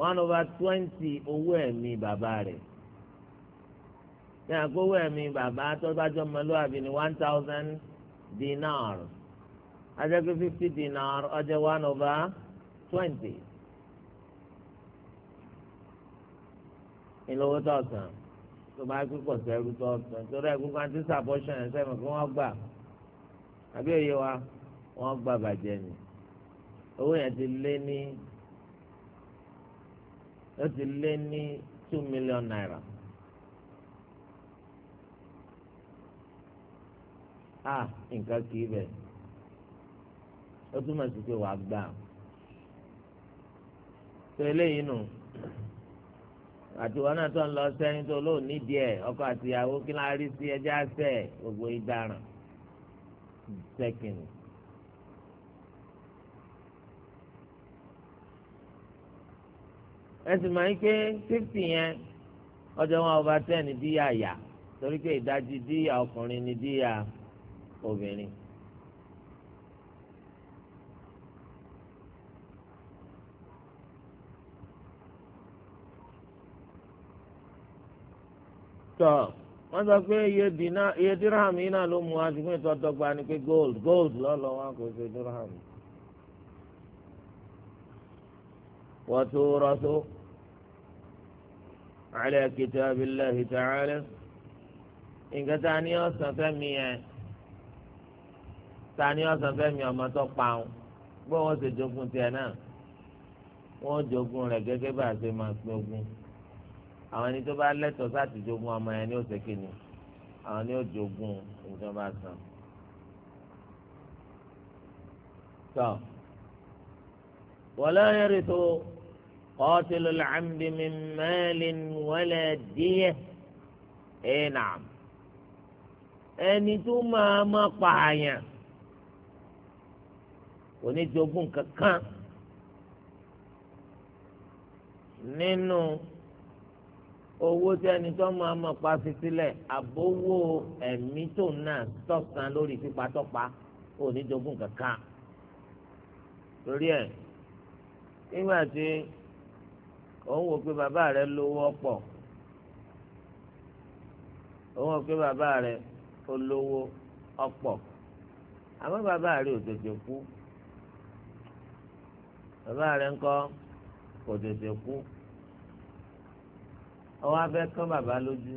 one over twenty owó ẹ̀mí bàbá rẹ̀ ní àgọ́wọ́ ẹ̀mí bàbá tó bá jọ ọmọlúwàbí ní one thousand dinar ajẹ́gbẹ́ fifty dinar ọjọ́ one over twenty. ìlówó tó ọ̀sán tó bá kíkọ̀ sẹ́rú tó ọ̀sán torí ẹ̀kú kan ti sàbọ̀ṣọ̀ yẹn sẹ́mi kí wọ́n gbà àbí òye wa wọ́n gbà bàjẹ́ ni owó yẹn ti lé ní ó ti lé ní two million naira. a nǹkan kì í bẹ̀ ó túmọ̀ sí pé wàá gbà tó eléyìí nù. No. àtiwọn náà tó ń lọ sẹ́yìn tó lóò nídìí ẹ̀ ọkọ àtìyàwó kí ló ń rí sí ẹjẹ́ àṣẹ gbogbo ìdáràn sẹ́kìnì. ẹsìn máa ń pé fifty yẹn ọjọ́ wọn over ten díyà yà torí pé ìdajì díyà ni díyà obìnrin. tọ́ wọ́n sọ pé iye dirham yìí náà ló mú wa ṣùgbọ́n ìtọ́ dọ́gba ni pé gold gold lọ́lọ́ wọn kò ṣe dirham. wa turathu ala kitabillahi ta'ala nǹkan tá a ní ọ̀sán fẹ́mi yẹn tá a ní ọ̀sán fẹ́mi ọmọ tó pa gbọ́ wọ́n ṣe jogún tiẹ̀ náà wọ́n jogún rẹ̀ gẹ́gẹ́ bá a ṣe máa pín àwọn ẹni tó bá lẹ́tọ̀ọ́ sáti jogún ọmọ yẹn ní òsè kìíní àwọn ni ó jogún ìjọba san. tọ́ wala yarithu qatilul amdi min malin wala diyah ẹ̀ na'am ẹni tó máa ma pààyàn kò ní jogún kankan nínú. No owó tí ẹni tó máa mọ̀ pa fi sílẹ̀ àbówó ẹ̀mí tó náà tọ̀sán lórí pípatọ́pa òní jogún kankan torí ẹ̀ nígbà tí òun wò pé bàbá rẹ̀ lówó ọ̀pọ̀ òun wò pé bàbá rẹ̀ olówó ọ̀pọ̀ àmọ́ bàbá rẹ̀ ò tètè kú bàbá rẹ̀ ńkọ́ kò tètè kú ọwọ́ abẹ́ kán bàbá lójú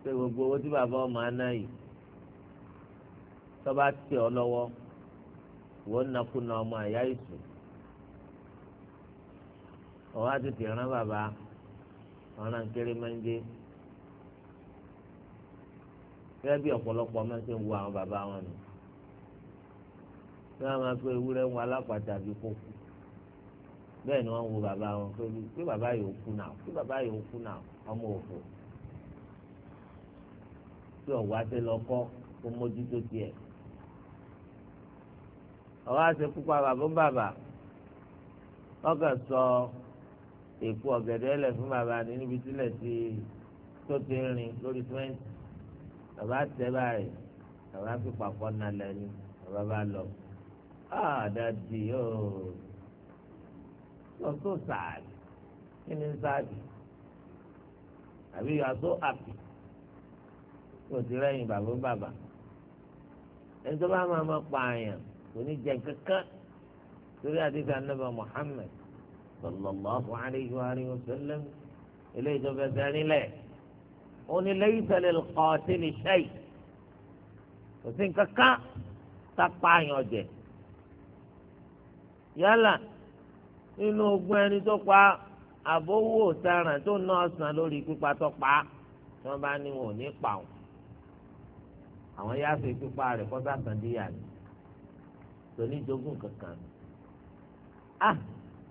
pé gbogbo owó tí bàbá ọmọ aná yìí tọ́ba tẹ̀ ọ́ lọ́wọ́ wọ́n nakúnà ọmọ àyà ìsù ọwọ́ àtètè rán bàbá ọ̀ràn kéré máa ń gé gẹ́gẹ́ bí ọ̀pọ̀lọpọ̀ máa ń ṣe ń wo àwọn bàbá wọn nù wọ́n máa pé ewúrẹ́ ń wọ alápàtà bí kò bẹ́ẹ̀ ni wọ́n ń wo bàbá wọn pé pé bàbá yòó kú náà pé bàbá yòó kú náà ọmọ òfò tí ọ̀wá ṣe lọ kọ́ kó mójútó tiẹ̀ ọ̀wá ṣe púpọ̀ bàbá bàbá ọkàn sọ èkó ọ̀gẹ̀dẹ̀ lẹ̀ fún bàbá ní níbi tílẹ̀ tí tó ti rìn lórí twenty bàbá tẹ́ báyìí bàbá fi pàpọ̀ nalẹ̀ ni bàbá bá lọ. Ah, dadi ooo. Oh you're so sad kí ni sáàdì àbí you are so happy kò sí lẹ́yìn bàbá bàbá ẹni tó bá máa ma pa àyàn kò ní jẹ kankan torí àdìsá nàbà Muhammad sallallahu alayhi wa alihi wa sallam eléyìí tó fẹ́ sẹ́ni lẹ̀ ó ní laysa lil qatil shay kò sí kankan tá pa àyàn jẹ yálà nínú ogún ẹni tó pa àbówó ọ̀taràn tó ná ọ̀sán lórí pípa tó pa tí wọ́n bá ní wọn ò ní pa ọ́ àwọn yá fi pípa rẹ̀ kọ́ sàtàn díyà ni tòní jogún kankan ah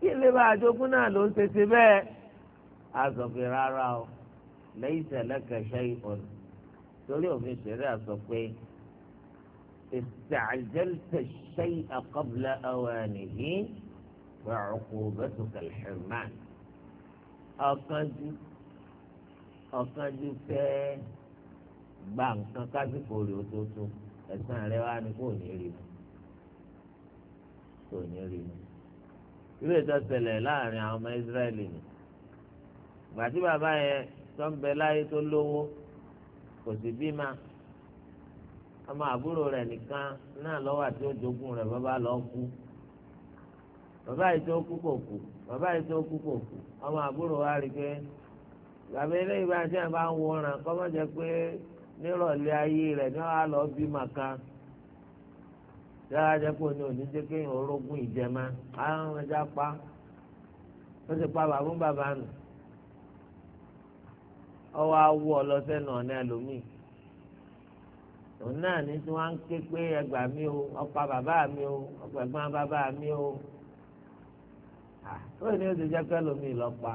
kí lè bá àjogún náà ló ń ṣèṣe bẹ́ẹ̀ a rárá o lẹ́yìn ìṣẹ̀lẹ̀ kẹṣẹ́ ìhòòhò torí òfin ṣẹlẹ̀ sọ pé ìṣàjẹ́lẹ̀ kẹṣẹ́ àkọ́bùlẹ̀ ọ̀wẹ̀ nìyí. وعقوبتك الحرمان ọ̀kánjú ọ̀kánjú fẹ́ gba nǹkan kásìkò rè ó tó tó ẹ̀sán rẹ wá ní kò ní rí mu kò ní rí mu irú ètò ṣẹlẹ̀ láàrin àwọn ọmọ Ísírẹ́lì ni ìgbà tí bàbá yẹn tó ń bẹ láyé tó lówó kò sí bímá ọmọ àbúrò rẹ̀ nìkan náà lọ́wọ́ àti òjògùn rẹ̀ bàbá lọ́ọ́ kú bàbá yìí tó kú kò kú bàbá yìí tó kú kò kú ọmọ àbúrò wa rí pé bàbá eléyìí bá ṣe bá ń wòran kọ́mọ́ jẹ́ pé nírọ̀lẹ́ ayé rẹ̀ ní wàá lọ bí màkà yàrá jẹ́ pé òní òní jẹ́ kéèyàn orógún ìjẹma àwọn ẹja pa ó ti pa bàbá bàbá nù ọwọ́ awọ ọlọ́sẹ̀ náà ní ẹlòmíì òun náà ní tí wọ́n á ké pé ẹgbàá mi o ọ̀pá bàbá mi o ọ̀pẹ̀gbọ́n bàbá mi o tóyìn ní oṣù jẹ́pẹ́ lomi ìlọ́pa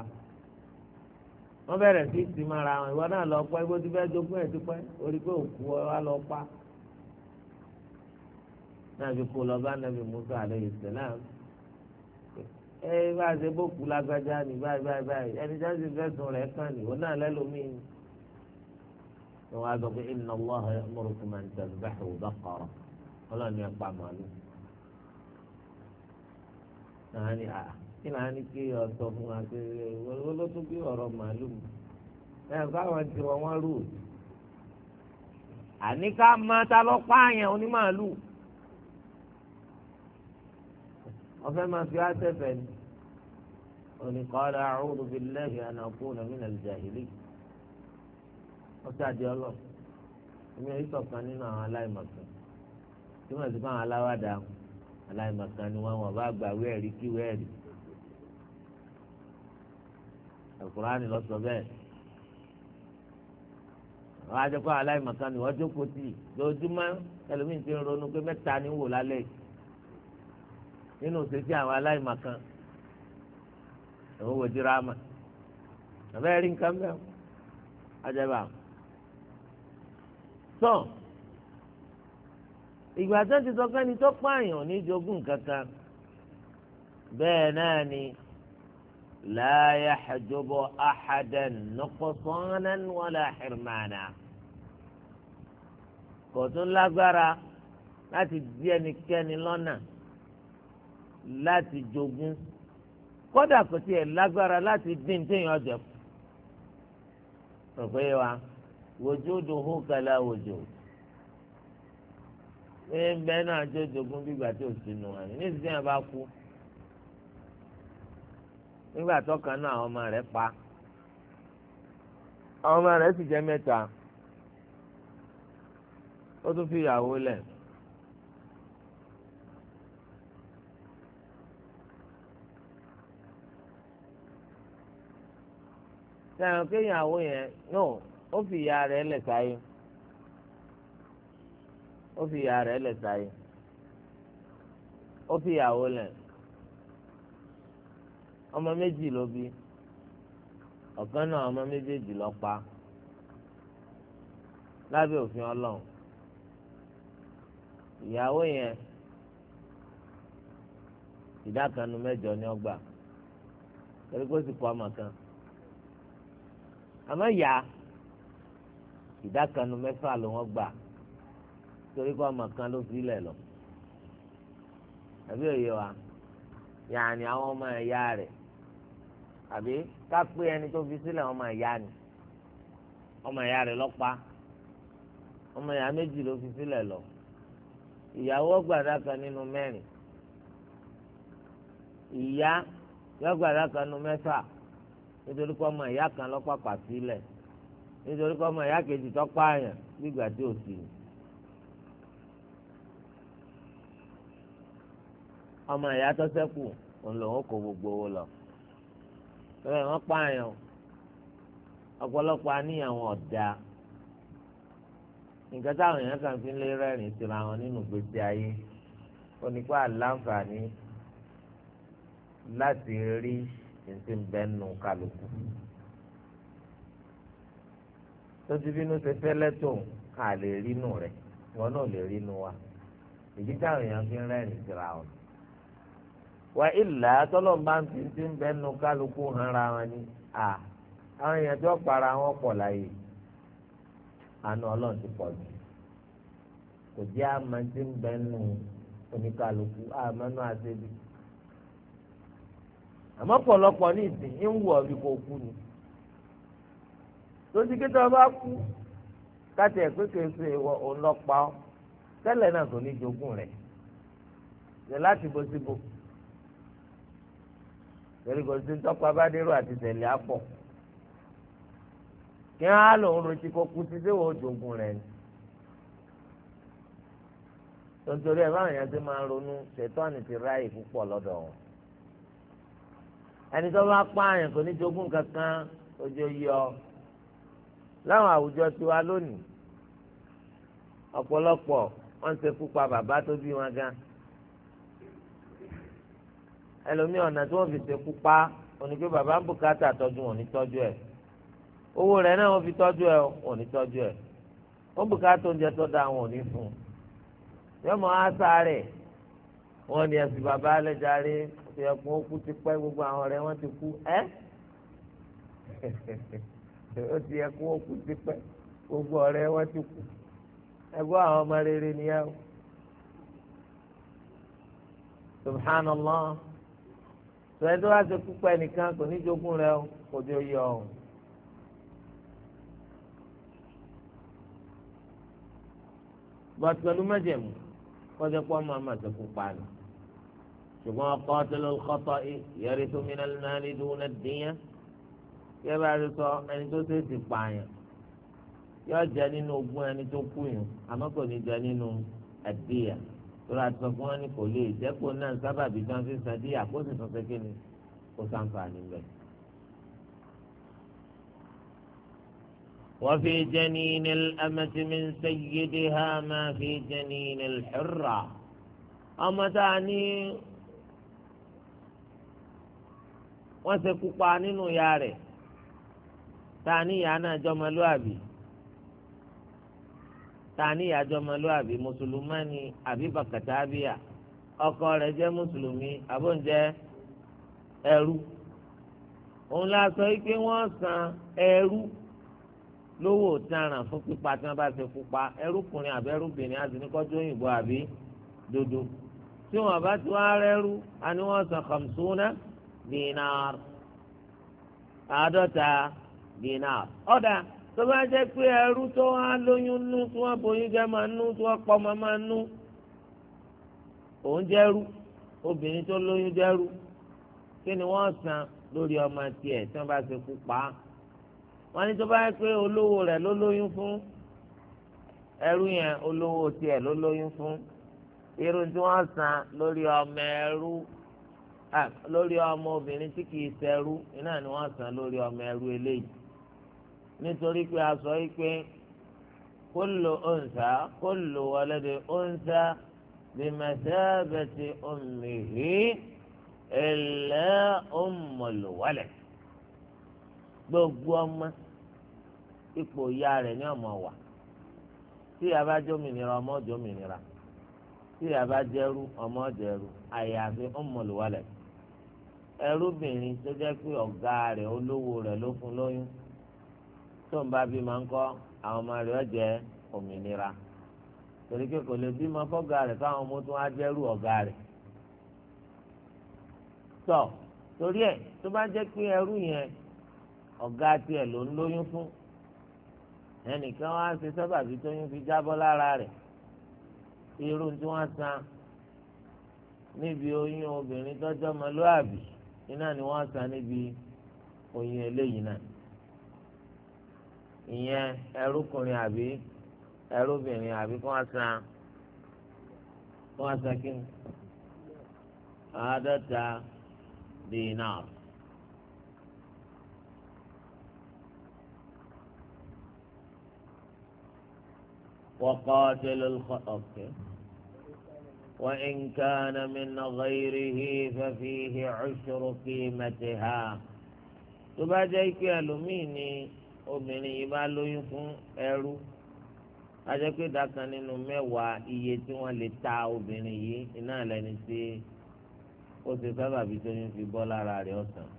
wọ́n bẹ̀rẹ̀ sí ti mara wọn ìwọ náà lọ pẹ́ ibo ti fẹ́ jogún ẹ̀ ti pẹ́ orí pé òkú wa lọ pa náà fi kó lọ bá nàbì Musa alayhi salam ẹ bá a ṣe bókú lágbájá ni báyìí báyìí báyìí ẹni tí wọ́n ti fẹ̀sùn rẹ̀ kàn ní ìwọ náà lẹ́lòmíì ni wọ́n á sọ pé inna Allaha ya'murukum an tadhbahu baqara ọlọ́ni ẹ̀ pa màálù náà ni àá. Ah, kí náà ní kí ọ̀sọ̀ fún wa pé olótú bí ọ̀rọ̀ màálù ẹ̀ káwọn ti wọ́n wọ́n rò àní ká máa ta lọ pààyàn onímàálù ọ̀fẹ́ máa fi wá sẹ́fẹ̀ ni oníkọ́lá a'udhu billahi an akuna minal jahilin ọ̀sẹ̀ àdé ọlọ́ èmi ò sọ̀kan nínú àwọn aláìmọ̀kan tí wọ́n ti bá àwọn aláwàdà aláìmọ̀kan ni wọ́n wọ́n bá gbà wẹ́ẹ̀rí kí wẹ́ẹ̀rí alukurani ló sọ bẹ́ẹ̀ wọn adé kó aláìmọ̀kan ni wọ́n jókòó tì lójúmọ́ ẹlòmíín ti ń ronú pé mẹ́ta ni wò lálẹ́ nínú òṣèṣì àwọn aláìmọ̀kan ẹ̀wọ́n wò di rama àbẹ́ rí nǹkan bẹ́ẹ̀ ajẹ́bà tó ìgbà tó ti sọ pé ẹni tó pààyàn ní jogún kankan bẹ́ẹ̀ náà ni. So, لا يحجب أحدا نقصانا ولا حرمانا kò tún lágbára láti dí ẹnikẹ́ni lọ́nà láti jogún kódà kò tiẹ̀ lágbára láti dín téèyàn jẹ kù. rògbé wa wujuduhu kala wujud ní bẹ́ẹ̀ náà jó jogún bí gbàtí òsínú wa ní ìsìn àbá kú nígbà tọ́kàn náà àwọn ọmọ rẹ̀ pa àwọn ọmọ rẹ̀ sì jẹ́ mẹ́ta ó tún fi ìyàwó lẹ̀. sẹ́yìn kéèyàwó yẹn no ó fi ìyá rẹ̀ lẹ̀ sáyé ó fi ìyá rẹ̀ lẹ̀ sáyé ó fi ìyàwó lẹ̀ ọmọ méjì ló bí ọ̀kan náà ọmọ méjèèjì ló pa lábẹ́ òfin ọlọ́run ìyàwó yẹn ìdákanu mẹ́jọ ni ọgbà torí kó sì kọ ọmọ kan àmọ́ ìyá ìdákanu mẹ́fà ló wọ́n gbà torí kó ọmọ kan ló fi lẹ̀ lọ àbí òye wa yàní àwọn ọmọ ẹ̀yà rẹ̀ àbí ká pé ẹni tó fi sílẹ̀ ọmọ ìyá ni ọmọ ìyá rẹ̀ lọ́pa ọmọ ìyá méjì ló fi sílẹ̀ lọ ìyàwó gbàdá kan nínú mẹ́rin ìyá yọgbàdá kan nínú mẹ́fà nítorí kọ́ ọmọ ìyá kan lọ́pàpà sílẹ̀ nítorí kọ́ ọmọ ìyá kejì tó pààyàn nígbà tí ò sí ni. ọmọ ìyá tó sẹ́kù òun lòun kó gbogbo owó lọ. tọ́lá wọn pààyàn ọ̀pọ̀lọpọ̀ àníyàn wọn ọ̀dà nǹkan táwọn èèyàn kan fi ń lé wọn nínú gbèsè ayé onípa àláǹfààní láti rí ìsìnbẹ́nu kálukú tó bínú ṣe fẹ́lẹ́ tó a lè rínú rẹ̀ wọn náà lè rínú wa èyí táwọn èèyàn fi ń rẹ́rìn wà ilà tọ́lọ̀ máa ń fi ti ń bẹ́ nu kálukú hanra wọn ni à àwọn èèyàn tó para wọn pọ̀ láàyè àna ọlọ́run ti pọ̀ jù kò jẹ́ àmọ́ ti ń bẹ́ nu oníkálukú àmọ́ nu àṣebi àmọ́ pọ̀lọpọ̀ ní ìsìn ń wù ọ́ kò kú ni tó ti ké tó o bá kú káti ẹ̀ pé kéésì ìwọ òun lọ pa ọ́ tẹ́lẹ̀ náà kò ní jogún rẹ̀ láti bó sí bó torí kò sí tọ́pọ̀ abádéró àti tẹ̀lé àpọ̀ kí wọ́n á lòun retí kó kú sí séwọ́ òjòògùn rẹ̀ ni tontori ẹ báwọn yẹn ti máa ronú ṣètọ́ni ti ráàyè púpọ̀ lọ́dọ̀ wọn ẹni tó bá pààyàn kò ní jogún kankan ojú yọ láwọn àwùjọ tiwa lónìí ọ̀pọ̀lọpọ̀ wọ́n ń ṣekú pa bàbá tó bí wọn gan-an ẹlòmíì ọ̀nà tí wọ́n fi ṣekú pa onígbé bàbá ń bùkátà tọ́jú wọn ní tọ́jú ẹ̀ owó rẹ̀ náà wọ́n fi tọ́jú ẹ̀ wọn ní tọ́jú ẹ̀ ó bùkátà oúnjẹ tó da wọn ní fún un yọmọ asaare wọn ni ẹsìn bàbá alẹ́jàre ẹkùn ó kú ti pẹ́ gbogbo àwọn ọ̀rẹ́ wọn ti kú ẹ́ [laughs] ó ti ẹkùn ó ti pẹ́ gbogbo ọ̀rẹ́ wọn ti kú ẹgbọ́n àwọn ọmọ rere nìyẹn o subhanallah tọ́lẹ̀ tó bá ṣe púpọ̀ ẹnìkan kò ní jogún rẹ o kò jọ yọ o. bọ́t pẹ̀lú mẹ́jẹ̀mú kọ́jọ́ pọ́ máa ma ṣe pupa ni. ṣùgbọ́n ọkọ̀ tẹ́lẹ̀ ọkọ̀tọ̀ yẹrí tó mi náà náà ní dùn náà dìnyẹn. kí ẹ bá rí sọ ẹni tó ṣe ti pààyàn yóò jẹ nínú ogún ẹni tó kú yìí àmọ́ kò ní jẹ nínú ẹ̀díyà tóra sọ fún wọn ní kò lè jẹ́pọ̀ náà sábàbí tí wọ́n fi san díyà kó sì san pékè ni kó sàǹfààní bẹ̀. وفي جنين الأمة من سيدها ما في جنين الحرة أما تعني wọ́n ṣe kú nínú ìyá rẹ̀ tani ìyá náà jọmọlúàbí tani àjọ ọmọlúwàbí mùsùlùmánì àbí bàkàtà àbíyà ọkọ rẹ̀ jẹ́ mùsùlùmí àbóúnjẹ ẹrú òun la sọ pé wọ́n san ẹrú lówó tààràn fún pípa tí wọ́n bá ṣe pupa ẹrúkùnrin àbí ẹrúbìnrin àti níkọjú òyìnbó àbí dodo tí wọ́n bá ti wá rẹrú àni wọ́n san khamsuna dinar àádọ́ta dinar ọ̀dà tó bá jẹ́ pé ẹrú tó wá lóyún nú tí wọ́n boyún jẹ́ máa nú tí wọ́n pọ̀ máa máa nú òun jẹ́rú obìnrin tó lóyún jẹ́rú kí ni wọ́n san lórí ọmọ tiẹ̀ tí wọ́n bá ti kú pa á wọ́n ní tó bá jẹ́ pé olówó rẹ̀ ló lóyún fún ẹrú yẹn olówó tiẹ̀ ló lóyún fún irú tí wọ́n san lórí ọmọ ẹrú lórí ọmọ obìnrin tí kì í ṣẹrú iná ni wọ́n san lórí ọmọ ẹrú eléyìí nítorí pé a sọ yìí pé kullu unsa kullu waladi unsa bimasabati ummihi illa ummul walad gbogbo ọmọ ipò ìyá rẹ̀ ní ọmọ wà tí ìyá bá jómìnira ọmọ jómìnira tí ìyá bá jẹ́rú ọmọ jẹ́rú àyàfi ummul ẹrúbìnrin tó jẹ́ pé ọ̀gá rẹ̀ olówó rẹ̀ ló fún lóyún tó ń bá bí máa ń kọ́ àwọn ọmọ rẹ̀ jẹ́ òmìnira torí pé kò lè bímọ fọ́gà rẹ̀ káwọn ọmọ tó wá jẹ́rù ọ̀gá rẹ̀ tọ̀ torí ẹ̀ tó bá jẹ́ pé ẹrú yẹn ọ̀gá tiẹ̀ ló ń lóyún fún ẹnìkan wá ṣe sábàbí tóyún fi jábọ́ lára rẹ̀ irú tí wọ́n san níbi oyún obìnrin tọ́jọ́ mọ́lúàbí iná ni wọ́n san níbi oyún eléyìí náà. ìyẹn ẹrú kùnrin àbí ẹrú ẹrúbìnrin àbí kó wá san kó wá san kí ni àádọ́ta dinar. وقاتل الخطأ وإن كان من غيره ففيه عشر قيمتها تبا جايك ألوميني obìnrin yìí bá lóyún fún ẹrú ajẹ́ pé dákan nínú mẹ́wàá iye tí wọ́n lè ta obìnrin yìí iná lẹ́ni tí ó ti sábàbí tóyún fi bọ́ lára rẹ̀ ọ̀sán.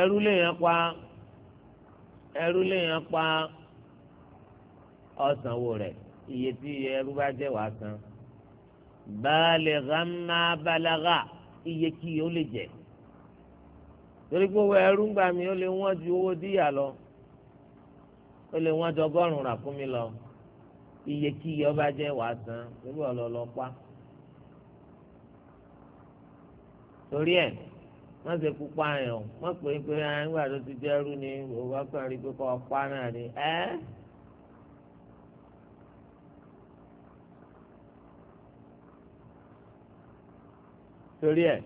ẹrú lèèyàn pa ẹrú lèèyàn pa ọ̀sánwó rẹ̀ iye tí ẹrú bá jẹ́ wàá san. bàálẹ̀ gàmà bàlágà iye kí ó lè jẹ́ torí pé owó ẹrú ń gbà mí ó lè wọ́n ju owó díyà lọ ó lè wọ́n ju ọgọ́rùn-ún rà fún mi lọ iyekíye ọba jẹ́ wàá san torí ọlọ́lọ́ pa torí ẹ̀ má ṣe kú pààyàn má pè é pé ah, nígbà tó ti jẹ́ ẹrú ni òwò akọrin pé kọ́ pa náà ni ẹ́. torí ẹ̀.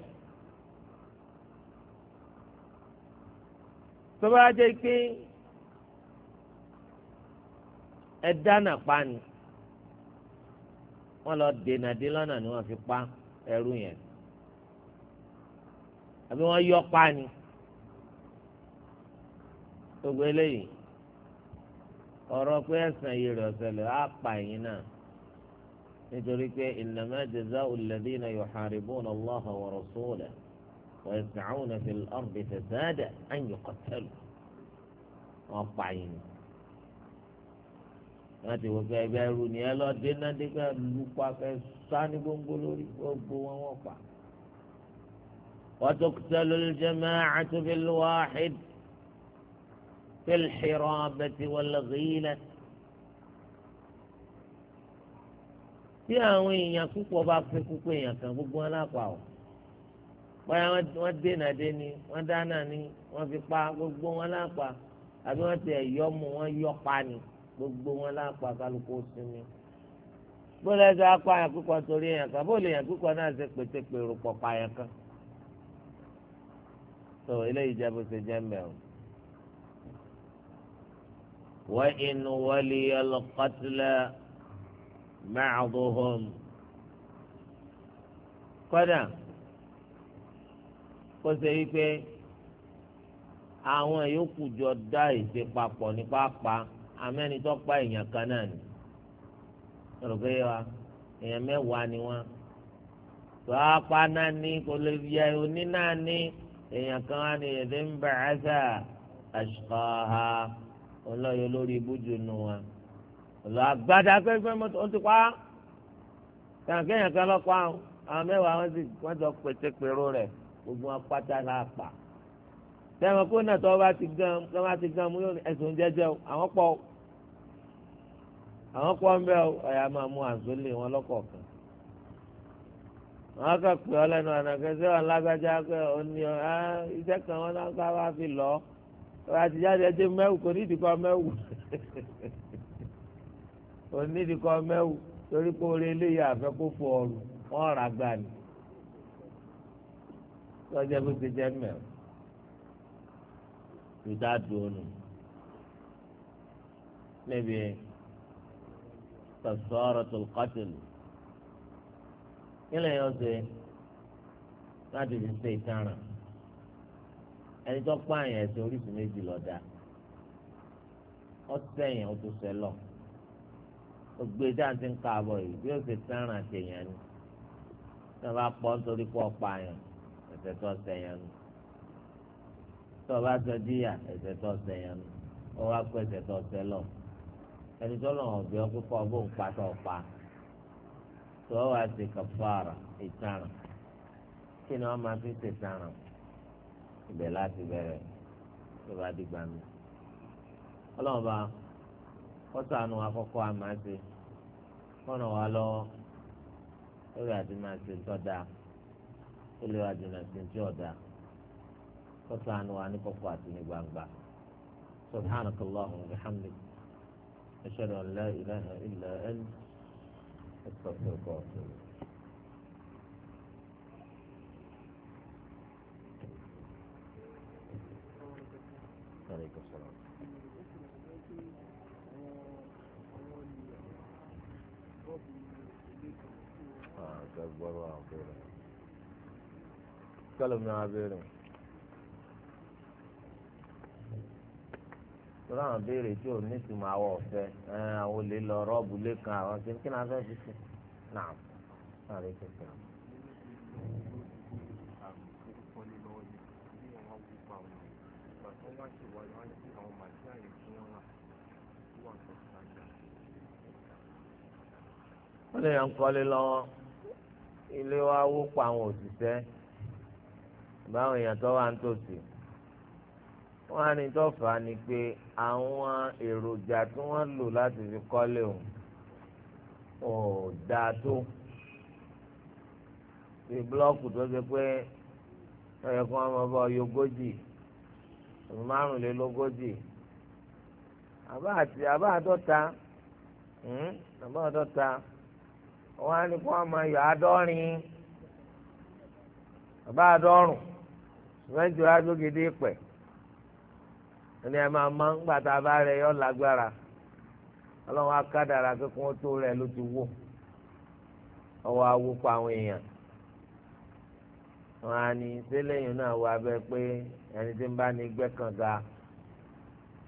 tó bá jẹ́ pé ẹ dáná pa ni wọ́n lọ dènà dé lọ́nà ni wọ́n fi pa ẹrú yẹn àbí wọ́n yọ pa ni gbogbo eléyìí ọ̀rọ̀ pé ẹ̀sán yìí rẹ̀ ọ̀sẹ̀lẹ̀ á pa ẹ̀yìn náà nítorí pé innama jaza'u alladhina yuharibuna Allaha wa rasulahu. ويسعون في الأرض فسادا أن يقتلوا wọn pa yín ni wọn ti wọ pé ẹgbẹ ẹrú ni ẹ lọ dènà dègbà lupa fẹ sá ní gbogbo lórí gbogbo wọn wọn pa. وتقتل الجماعة بالواحد في الحرابة والغيلة tí àwọn èèyàn púpọ̀ bá fẹ́ púpọ̀ èèyàn kan gbogbo wọn lápá o. báyà wọ́n dènà dé ni wọ́n dáná ni wọ́n fi pa gbogbo wọn lápá àbí wọ́n ti ẹ̀yọ́ mu wọ́n yọ pa ni gbogbo wọn lápá kálukú sinmi bóyá ẹsẹ apá yẹn kíkọ torí yẹn kan bóyá yẹn kíkọ náà ṣe pètèpèrò pọ̀pá yẹn kan tó eléyìí jẹ́ bó ṣe jẹ́ mbẹ́ o. wa in waliya al kó ṣe wípé àwọn yòókù jọ dá ìṣe papọ̀ ní pápá amẹ́nitọ́ pa èèyàn kan náà ni ọ̀rọ̀ pé wa èèyàn mẹ́wàá ni wọ́n pápá náà ní kò lè yẹ oní náà ní èèyàn kan á ní èdè ń bẹ̀ ẹ́sà àṣùkọ́ha ọlọ́yọ̀ lórí ibùdó nù wọn ọ̀lọ́ àgbàdá pẹ́ẹ́pẹ́ mọ́tò ti pa á kan lọ́pàá àwọn mẹ́wàá wọ́n ti wọ́n jọ pètèpèrò rẹ̀ gbogbo wọn pátá la pa tẹ́wọ̀n kó náà tọ́wọ́ bá ti gan tọ́wọ́ bá ti gan mú yóò ní ẹ̀sùn jẹ́jẹ́ o àwọn pọ̀ o àwọn pọ̀ ń bẹ́ o ọ̀yà máa mú àzọlé wọn lọ́kọ̀ọ̀kan wọn kà pé ọ lẹ́nu ọ̀nà kẹsẹ́ wọn lágbájá pé ó ní ọ iṣẹ́ kan wọn náà ká wá fi lọ ọ àti jáde ẹjẹ mẹ́wù kò nídìí kọ́ mẹ́wù [laughs] kò nídìí kọ́ mẹ́wù torí pé orí eléyìí àfẹ́ fọ ọrùn wọn rà gbà ní lọ́jọ́ bó ti jẹ́ mẹ́rin ìdá dùnú níbi kàṣọ́rọ̀tul qatl kílẹ̀ yọ ṣe láti fi ṣe ìtaràn ẹni tó pààyàn ẹsẹ oríṣi méjì lọ́dà ọ̀sẹ̀yìn ó tún ṣe lọ ògbé dáńtí ń káàbọ̀ yìí bí ó ṣe tẹ́ràn àtẹ̀yàn ni tí wọ́n bá pọ̀ nítorí pọ̀ pààyàn. ẹ̀ṣẹ̀ tó sẹyìn nù tó o bá sọ díyà tó nù ó wá kó tó lọ ẹni tó lọ ọbẹ ọkọ ọbọ ńpa tó pa tó o wá ṣe kàfàrà ìtaràn kí ni wọn máa fi ṣe taràn ibẹ̀ láti bẹ̀rẹ̀ tó bá dìgbà mi ọlọ́run akọ́kọ́ kọ́nà wa lọ́wọ́ lórí àti máa ṣe ń tọ́ da. kó lè wá dènà sí ti ọ̀dà kọ́tà àánú wa ní kọ́kọ́ àti ní gbangba subhanaka allahumma wa bihamdik ashhadu an la ilaha illa ant astaghfiruka wa atubu ilayk عليكم السلام آه تكبروا عقيلة kọ́lọ̀ mi máa béèrè tọ́lá àwọn béèrè tí ò ní ìtumọ̀ àwọ̀ ọ̀fẹ́ àwọn olè lọ rọ́ọ̀bù lẹ́kan àwọn kí kí náà fẹ́ fi sí náà náà lè wọ́n lè yàn kọ́lé lọ́wọ́ ilé wa wó pa àwọn òṣìṣẹ́. báwọn èèyàn tó wà ń tòsí wọn á ní tó fà á ni pé àwọn èròjà tí wọ́n lò láti fi kọ́lé òun ò dáa tó ti búlọ́ọ̀kù tó ṣe pé ẹ̀yẹ kí wọ́n máa bá ọyọgójì márùnlélógójì àbá àti àbá àdọ́ta hmm, àbá àdọ́ta wọ́n á ní kí wọ́n máa yọ àádọ́rin àbá àdọ́rùn. ṣùgbọ́n jù agbógede pẹ̀ ẹni ẹ máa mọ ńgbà a bá rẹ yọ lágbára ọlọ́run akádàrà kíkún tó rẹ ló ti wò ọwọ́ awó àwọn èèyàn wọn á ní sẹ́lẹ̀yìn náà wọ abẹ́ pé ẹni tí ń bá ní gbẹ́ kànga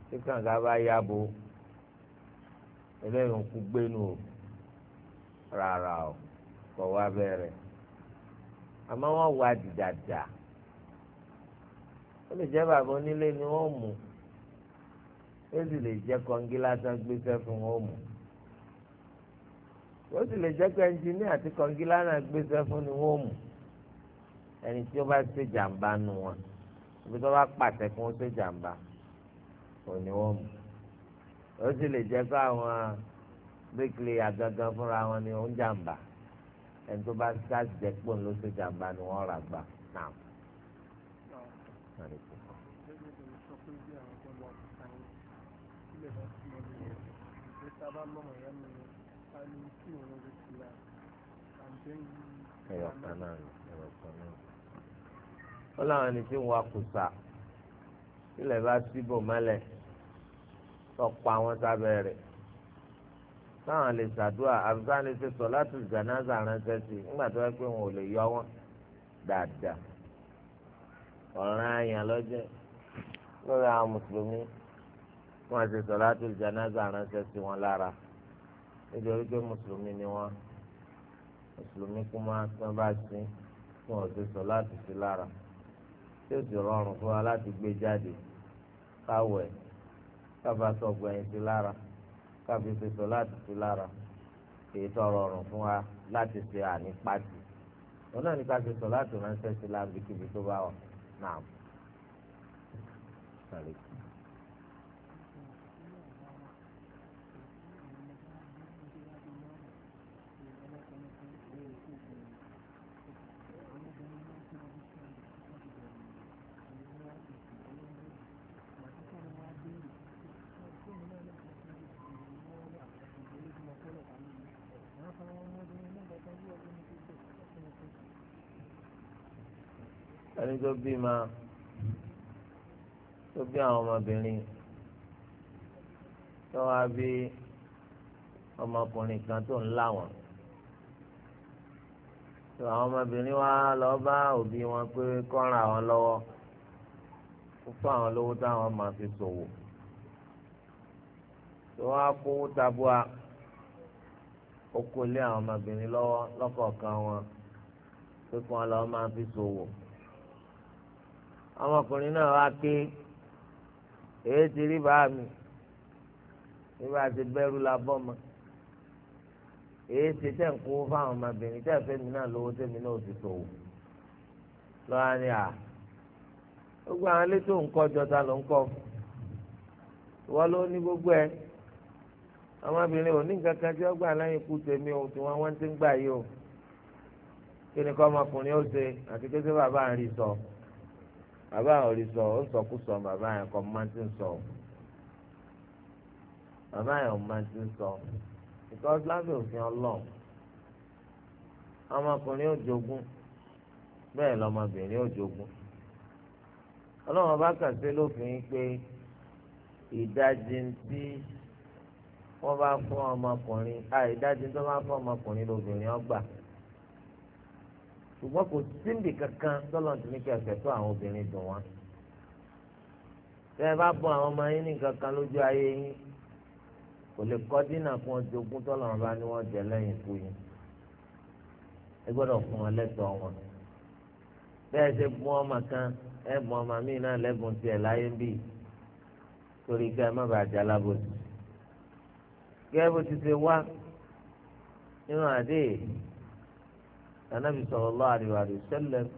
tí kànga bá yá ẹlẹ́yìn kú gbénu o rárá o kọ̀ wá bẹ́ẹ̀ rẹ̀ àmọ́ ó lè jẹ́ bàbá onílé ni wọ́n mú ó sì lè jẹ́ kọ́ngí lásán gbéṣẹ́ fún wọn mú ó sì lè jẹ́ pé ẹnjìníà àti kọ́ngí lánàá gbéṣẹ́ fún ni wọ́n mú ẹni tí ó bá ṣe jàǹbá nu wọn ibi tó bá pàṣẹ fún ó ṣe jàǹbá òun ni wọ́n mú ó sì lè jẹ́ pé àwọn bíkìlì àgangan fúnra wọn ni ó ń jàǹbá ẹni tó bá ṣáàjẹ́ pò ń ló ṣe jàǹbá ni wọ́n rà gbà náà ẹ̀yọ̀ kan náà ẹ̀yọ̀ kan náà ó láwọn ẹni tí ń wa kùsà ilẹ̀ bá síbò mọ́lẹ̀ tọpa àwọn sábẹ́ rẹ̀ táwọn lè ṣàdúrà àbúrò lè ṣe sọ láti jánásà ránṣẹ́ sí i nígbà tó yẹ pé wọn ò lè yọ wọn dáadáa ọ̀ràn àyàn lọ́jọ́ lórí àwọn mùsùlùmí wọn àti sọ̀látù jánásà ránṣẹ́ sí wọn lára nítorí pé mùsùlùmí ni wọn mùsùlùmí kú máa tán bá sí wọn ò ti sọ̀látù sí lára tí ó sì rọrùn fún wa láti gbé jáde káwẹ̀ káfa sọ̀gbọ̀n yìí sí lára káfi ti sọ̀látù sí lára èyí tó rọrùn fún wa láti ṣe àní pàtì òun náà ní ká ti sọ̀látù ránṣẹ́ sí lára bíkíbi tó bá wà. نعم عليكم ọkùnrin tó bí ma tó bí àwọn ọmọbìnrin tó wá bí ọmọkùnrin kan tó ń láwọn tó àwọn ọmọbìnrin wá lọ bá òbí wọn pé kó ràn àwọn lọ́wọ́ kó fún àwọn lówó táwọn máa fi ṣòwò tó wá kó tabua ó kó lé àwọn ọmọbìnrin lọ́wọ́ lọ́kọ̀ọ̀kan wọn pé kí wọ́n lọ́ọ́ máa fi ṣòwò ọmọkùnrin náà wá pé èyí ti rí bàá mi nígbà tí bẹ́rù la bọ́ ma èyí ti tẹ̀ ń kó fáwọn ọmọbìnrin tẹ̀ fẹ́ mi náà lówó tẹ̀mí náà ti sòwò lọ́wọ́ ni à gbogbo àwọn elétò ńkọ́ jọta ló ń kọ́ ìwọ ló ní gbogbo ẹ̀ ọmọbìnrin ò ní nǹkan kan tí wọ́n gbà lẹ́yìn ikú tèmi o tí wọ́n wọ́n ti ń gbà yìí o kí ni kọ́ ọmọkùnrin ó ṣe àti kí ó ṣe bàbá àárín sọ. So bàbá àwọn olùsọ ó ń sọkúsọ bàbá yẹn kọ máa ti ń sọ bàbá yẹn ò máa ti ń sọ because lábẹ́ òfin ọlọ́run ọmọkùnrin ó jogún bẹ́ẹ̀ lọmọbìnrin ó jogún ọlọ́run bá kàn sí lófin pé ìdajì tí wọ́n bá fún ọmọkùnrin àìdájì tó bá fún ọmọkùnrin lóbìnrin ọgbà ṣùgbọ́n kò síndì kankan tọ́lọ̀ tí ní kí ẹ̀fẹ̀ tó àwọn obìnrin dùn wọn. tẹ́ ẹ bá bọ àwọn ọmọ yín ní kankan lójú ayé yín kò lè kọ́ dínà fún ọjọ́ ogún tọ́lọ̀ bá ní wọ́n jẹ lẹ́yìn ikú yín. ẹ gbọ́dọ̀ fún wọn lẹ́tọ̀ọ́ wọn. bẹ́ẹ̀ ṣe bọ́ ọmọ kan ẹ bọ́ ọmọ míì náà lẹ́bùn tiẹ̀ láyé bì torí kẹ́ ẹ má bàa jẹ́ alábòsí. gẹ́gẹ́ bó ti ṣe wá nínú àdéhìí anabi sallallahu alaihi wa sallam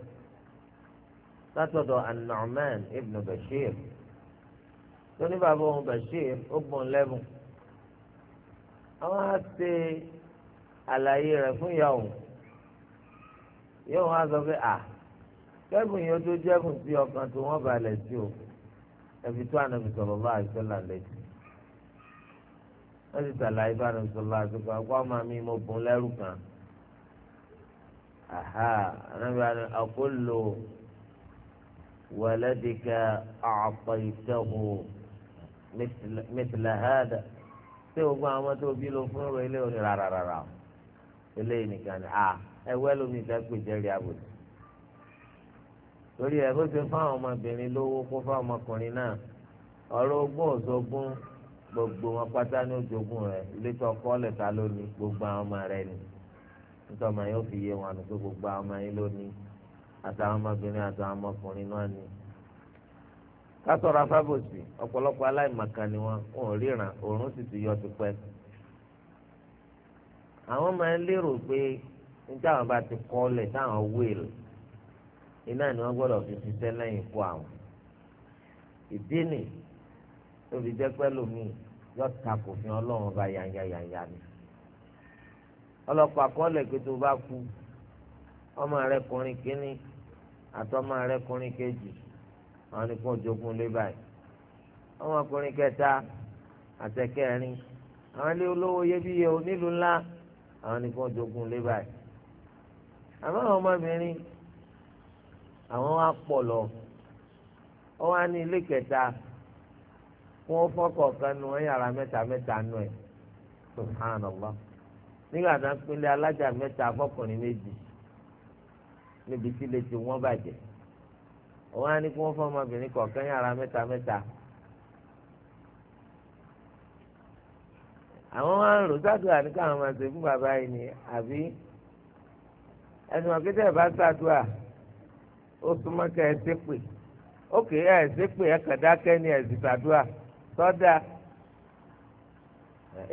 látọ̀dọ̀ an-Nu'man ibn Bashir tóní bàbá òun Bashir ó gbọ́n lẹ́bùn àwọn á ṣe àlàyé rẹ̀ fún ìyá òun yóò wá sọ pé à kẹ́bùn yìí ó tó jẹ́bùn sí ọkàn tó wọ́n balẹ̀ sí o ẹ̀fi tó anabi sallallahu alaihi wa sallam lẹ́tì wọ́n ti sàlàyé bá anabi sallallahu alaihi wa sallam àti kọ́ ọmọ mi mo bùn lẹ́rù kan aha anabi ani akolo waladika acapayitahu mitla hada ṣé o gbọ́n àwọn tó bí lo fún ọ̀rọ̀ ilé òní rárára ilé nìkan ni a ẹ wẹ́ lómi ìfẹ́ pè jẹ́rìí àbòdì torí ẹ bó ṣe fáwọn ọmọbìnrin lówó kó fáwọn ọmọkùnrin náà ọ̀rọ̀ ogún ọ̀sọ́gún gbogbo wọn pátá ní ojogún rẹ ilé tó kọ́ lẹ́ta lónìí gbogbo àwọn ọmọ rẹ ni. nítorí ọmọ yóò fi yé wọn àti gbogbo ọmọ yín lónìí àtàwọn ọmọbìnrin àtàwọn ọmọkùnrin náà ni. ká afábòsì ọ̀pọ̀lọpọ̀ aláìmọ̀kan ni wọn ò ríran òórùn sì ti yọ tipẹ́. àwọn máa ń lérò pé bá ti kọ́lẹ̀ táwọn wéèlì iná ni wọ́n gbọ́dọ̀ fi ṣiṣẹ́ lẹ́yìn ikú àwọn. ìdí ni. ọlọ́pàá kọ́lẹ̀ pé tó bá kú ọmọ rẹ kùnrin kínní àtọmọ rẹ kùnrin kejì àwọn nìkan jogún lé báyìí ọmọkùnrin kẹta àtẹkẹrin àwọn ilé olówó iyebíye onílù ńlá àwọn nìkan jogún lé báyìí àmọ́ àwọn ọmọbìnrin àwọn wa pọ̀ lọ wọ́n wá ní ilé kẹta wọ́n fọ́kọ̀ọ̀kan nu wọ́n yàrá mẹ́ta mẹ́ta nù ẹ̀ subhanallah nígbà tá a pínlẹ alájà mẹ́ta afọkùnrin méjì níbi tí lè ti wọn bàjẹ́ wọn á ní kí wọn fọ ọmọbìnrin kọ̀ọ̀kan yàrá mẹ́ta mẹ́ta. àwọn máa ń rò sádùá ní káwọn máa ṣe fún bàbá yìí ni àbí ẹnu àkété ẹ̀ bá sádùá ó súnmọ́ kẹ́ ẹ ṣe pè ókè ẹ̀ ṣe pè ẹ kàn dákẹ́ ni sì sádùá sọ́dà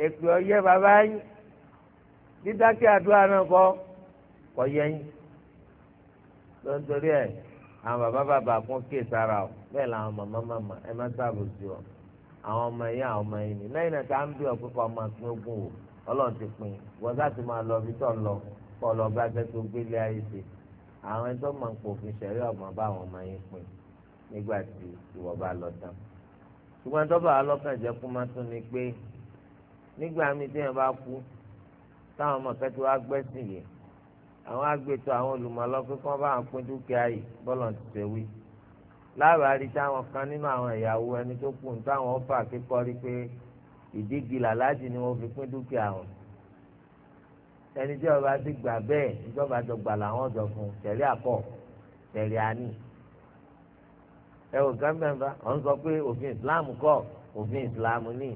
èpè ọyẹ́ bàbá yìí dídákẹ́ àdúrà náà kọ́ kọ́ yẹyìn lọ́ntorí ẹ̀ àwọn bàbá bàbá kún kí sára o bẹ́ẹ̀ làwọn màmá màmá ẹ má sáàbò sí ọ àwọn ọmọ yẹn àwọn ọmọ yẹn ni lẹ́yìn náà tá à ń bí ọ̀pẹ́ kọ́ ọmọ pín ogún o ọlọ́run ti pín wọ́sá ti máa lọ bí tọ́ lọ kọ́ lọ bá fẹ́ tó gbélé ayé ṣe àwọn ẹni tó máa ń pòfin ṣẹ̀rí ọ̀gbọ́n bá àwọn ọmọ yẹn pín nígbà tí ìwọ bá lọ tán ṣùgbọ́n tó bá lọ́kàn jẹ́ kú má tún ni pé nígbà míì téèyàn bá kú táwọn ọmọ kẹtù wa gbẹ́sìn yìí àwọn agbètò àwọn olùmọ̀lọ́ pé kí wọ́n bá wọn pín dúkìá yìí bọ́lọ̀ ti ṣe wí lábàárí táwọn kan nínú àwọn ìyàwó ẹni tó kù táwọn ọ̀fà kíkọ́rí pé ìdígi làlájì ni wọ́n fi pín dúkìá wọn ẹni tí ọba ti gbà bẹ́ẹ̀ ìjọba jọ gbà làwọn jọ fún tẹ̀lé àkọ́ tẹ̀lé àní ẹ wò gánbẹ́nba ọ̀ ń sọ pé òfin ìsìláàmù kọ́ òfin ìsìláàmù ní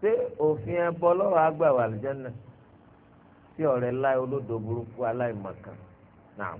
ṣé òfin ẹbọ lọ́wọ́ àgbà wà lìjẹ́ náà sí ọ̀rẹ́ láì olódò burúkú aláìmọ̀kan náà.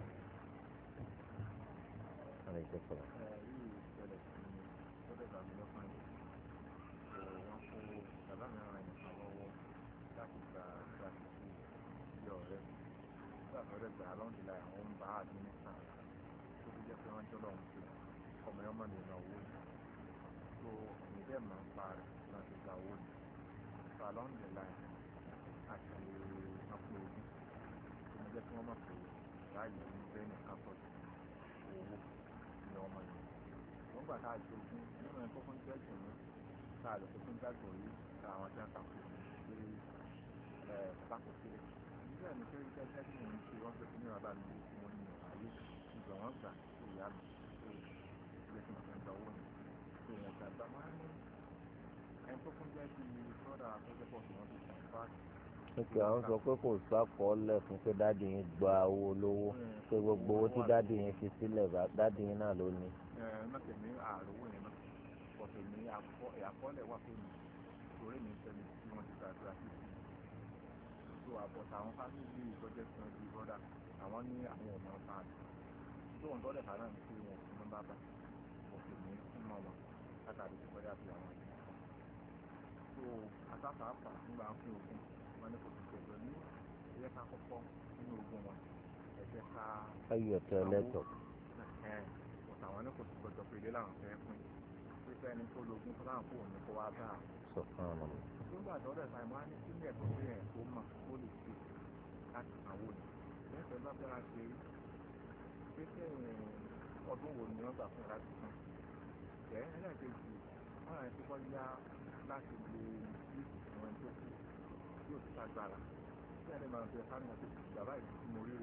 nígbà tá a ṣe ogún nínú ẹ̀kọ́ fún jẹ́ẹ̀tì mú tá a lọ fún jẹ́ẹ̀tì yìí tá àwọn tí wọ́n ta kù sí tako sílẹ̀ nígbà mi pé jẹ́jẹ́ tí mo ń ṣe wọ́n pé kí ní bàbá mi tí mo ní ààyè ìgbà wọn gbà sí ìyá mi pé ilé tí mo fẹ́ gba owó mi pé wọn gbà gbà wọn ní ẹni tó fún jẹ́ bí sọ́dà akẹ́kọ̀ọ́ tí wọ́n ti tàn fáàkì òkè àwọn sọ pé kò sákọọ́lẹ̀ fún pé dáàdì yín gba owó lówó hmm. pé gbogbo owó tí dáàdì yín fi sílẹ̀ dáàdì yín náà ló ní mẹ́tẹ̀ ní ààrùn owó yẹn náà pọ̀tẹ̀ ní àkọọ́lẹ̀ wà pé mi torí mi tẹ́lẹ̀ tí wọ́n ti gbàdúrà ah, sí i tó àbọ̀tà àwọn fámìlì ìtọ́jẹ́ tí wọ́n rọ́dà àwọn ní àwọn ọ̀nà ọ̀tá àti tó wọn tọ́lẹ̀ fara ní pé wọn fún nọ́mbà bá pọ̀tẹ̀ ní súnmọ́ wọn látàrí ìtọ́jẹ́ àti àwọn ènìyàn tó àtàkàfà nígbà fún ogun wọn ní kò ti ní ẹ̀yẹ́ká kọ̀ọ̀kan nínú ogun wọn ẹ̀jẹ̀ ká àwọn ní kò sí gbọdọ̀ pé ilé làwọn fẹ́ pín ni tó lógún tó láwọn fóònù ní kó ni lẹ́sẹ̀ bá fẹ́ra ṣe pípẹ́ ọdún wo ni wọ́n gbà fún láti san. ẹ̀ ẹlẹ́ẹ̀kejì wọ́n rẹ̀ ti kọ́ yá láti lo ìdí ìwọ̀n tó kù yóò ti ṣàgbára kí ẹni máa ń bẹ sáré wọn tó bàbá ìdí tí mo rí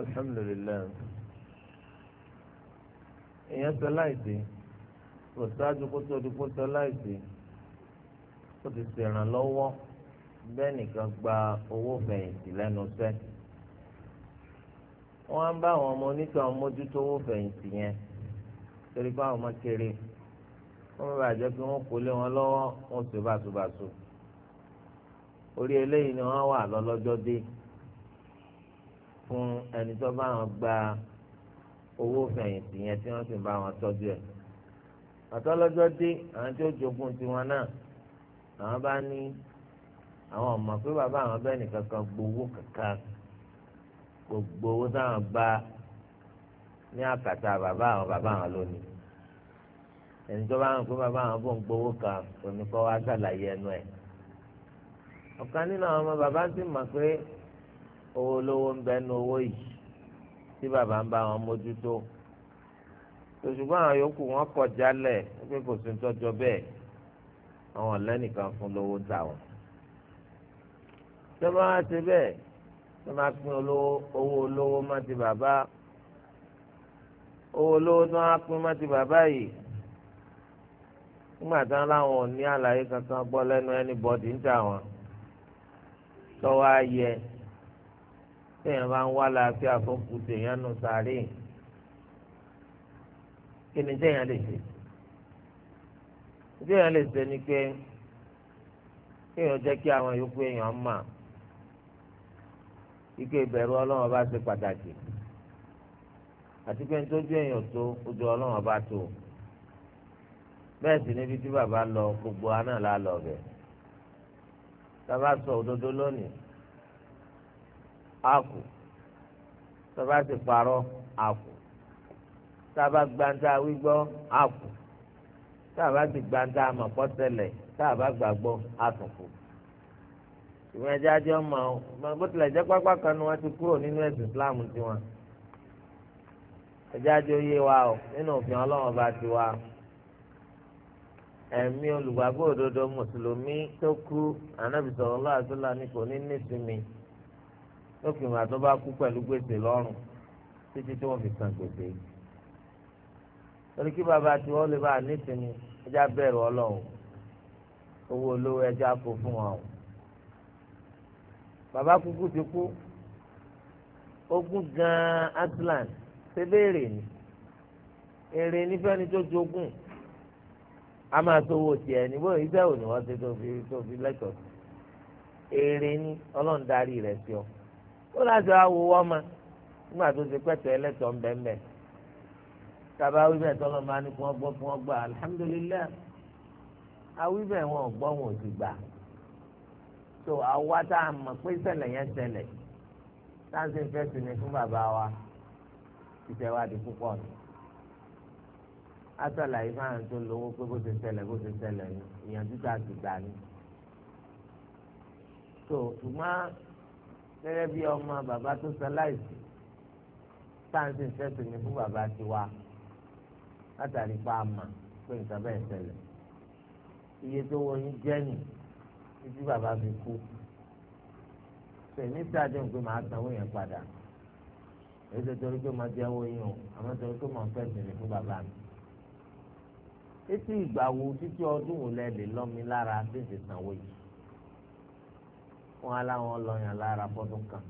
alhamdulilayi èèyàn sọ láìsí kò sáájú kó tó di kó sọ láìsí ó ti ṣèrànlọ́wọ́ bẹ́ẹ̀ nìkan gba owó fẹ̀yìntì lẹ́nu sẹ́ wọ́n á bá àwọn ọmọ onítọ̀ mójútó owó fẹ̀yìntì yẹn torí báwọn ọmọ kéré wọ́n bá jẹ́ pé wọ́n kó lé wọn lọ́wọ́ wọ́n ṣe báṣubàṣu orí eléyìí ni wọ́n wà lọ́lọ́jọ́ dé fún ẹni tó bá wọn gba owó fẹ̀yìntì yẹn tí wọ́n sì bá wọn tọ́jú ẹ̀ àtọ́lọ́jọ́ dé àwọn tí ó jogún tiwọn náà àwọn bá ní àwọn ọmọ pé bàbá àwọn bẹ́ẹ̀ nìkan kan gbowó kankan gbogbo owó táwọn bá ní àkàtà bàbá àwọn bàbá àwọn lónìí ẹni tó bá wọn pé bàbá àwọn bò ń gbowó kan òní kọ́ wá sàlàyé ẹnu ẹ̀ ọ̀kan nínú àwọn ọmọ bàbá sì mọ̀ pé owó lówó ń bẹ nu owó yìí tí bàbá ń bá wọn mójútó ṣùgbọ́n àwọn yòókù wọn kọ̀ jálẹ̀ pé kò sí tọ́jọ́ bẹ́ẹ̀ àwọn ọ̀lẹ́nìkan fún lówó tà wọ́n. tó bá wá ti bẹ́ẹ̀ tó máa pín owó olówó má ti bàbá owó olówó tó máa pín má ti bàbá yìí nígbà tí wọn láwọn ò ní àlàyé kankan gbọ́ lẹ́nu ẹni bọ́dì ń tà wọ́n tọ́wọ́ ayẹ téèyàn bá ń wá láàfin àfọ́kù téèyàn nù sàárè kí ni téèyàn lè ṣe téèyàn lè ṣe ni pé kéèyàn jẹ́ kí àwọn yòókù èèyàn mà ike ìbẹ̀rù ọlọ́run ọba ṣe pàtàkì àti pé nítorí èèyàn tó ojú ọlọ́run ọba tó bẹ́ẹ̀ sì níbi tí bàbá lọ gbogbo aná la lọ bẹ́ẹ̀ tọ́ba sọ òdodo lónìí àkù tọ́ba sì parọ́ àkù tọ́ba gbanta wígbọ́ àkù tọ́ba sì gbanta àmọ̀pọ̀tẹ́lẹ̀ tọ́ba gbàgbọ́ àtùkù ìwé ẹjẹ́ ajé ọmọ ọ bó tilẹ̀ jẹ́ pápá kan ni wọ́n ti kúrò nínú ẹ̀sìn Islam tiwọn ẹjẹ́ ajé ó yé wa o nínú òfin Ọlọ́run bá ti wa ẹ̀mí olùgbàgbọ́ òdodo mùsùlùmí tó kú ànábì sallallahu alaihi wasallam ní kò ní nísìmí lókè ìgbà tó bá kú pẹ̀lú gbèsè lọ́rùn títí tí wọ́n fi san gbèsè yìí. torí kí bàbá tí wọ́n lè bá nísìmí ẹja bẹ̀rù ọlọ́run owó olówó ẹja kó fún wọn o. bàbá kúkú ti kú ogún gan-an atlan ṣe béèrè ni èrè nífẹ̀ẹ́ ni tó jogún a máa sowó tiẹ̀ ní bó iṣẹ́ òní wọ́n ti tó fi tó fi lẹ́kọ̀ọ́ èrè ni ọlọ́run darí rẹ̀ sí ọ ó láti wá wo wọ́n ma nígbà tó ti pẹ̀tọ́ ẹlẹ́tọ̀ ń bẹ́ẹ̀ tàbá wíbẹ̀ tọ́lọ́ máa ní kí wọ́n gbọ́ kí wọ́n gbà alihamudulilayi awíbẹ̀ wọn ò gbọ́ wọn ò sì gbà so àwa tá a mọ̀ pé ṣẹlẹ̀ yẹn ṣẹlẹ̀ táǹsì ń fẹ́ sinmi fún bàbá wa ìṣẹ̀wádìí púpọ̀ ni àtàlàyé fáwọn tó lówó pé bó ti ṣẹlẹ̀ bó ti ṣẹlẹ̀ ìyànjú tá a ti gbà ní. tó ṣùgbọ́n gẹ́gẹ́ bí ọmọ bàbá tó ṣaláìsí táǹsì ṣẹ́sìn ní fún bàbá tiwa látàrí pa àmà pé nǹkan bẹ́ẹ̀ ṣẹlẹ̀ iye tó wọnyí jẹ́ nì títí bàbá fi kú tèmi sàdéhùn pé màá sanwó yẹn padà èyí tó torí pé mo jẹ́ wọ́nyí o àmọ́ torí pé mo fẹ́ sìn fún bàbá mi títí ìgbà wo títí ọdún wo lẹ lè lọ́mi lára tètè sanwó yìí wọn aláwọn lọ́yàn lára fọdún kan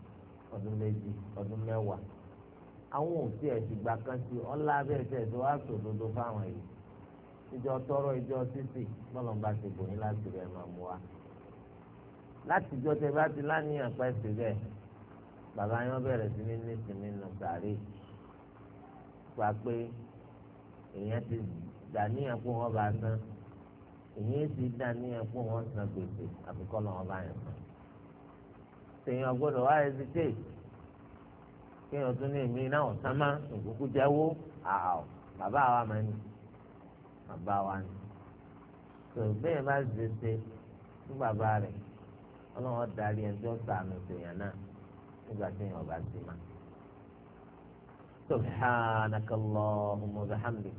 ọdún méjì ọdún mẹ́wàá àwọn òsì ẹ̀sìn gbà kan sí ọlá abẹ́rẹ́ tẹ̀sí wàá sòdodo fáwọn yìí ìjọ tọrọ ìjọ sísì bọ́lọ̀ ń bá ti bòyìn láti rẹ̀ máa mú wa láti ìjọ tẹ bá ti láníyàn pẹ́ sí bẹ́ẹ̀ bàbá yẹn bẹ̀rẹ̀ sí ní nísìnyí nù sàárè gbà pé èèyàn ti dàníyàn kó wọn bá san èyí ti dàníyàn kó wọn san gbèsè àfikọ́ lọ́wọ́ bá yẹn san tèèyàn gbọ́dọ̀ wá ẹsìté kéèyàn tún ní èmi náà ọ̀sán má òkúkú jẹ́wọ́ àwọ̀ bàbá wa máa ní bàbá wa ní tó bẹ́ẹ̀ bá ṣe ṣe fún bàbá rẹ̀ ọlọ́wọ́ darí ẹjọ́ tèèyàn náà nígbà téèyàn ọba má. سبحانك اللهم وبحمدك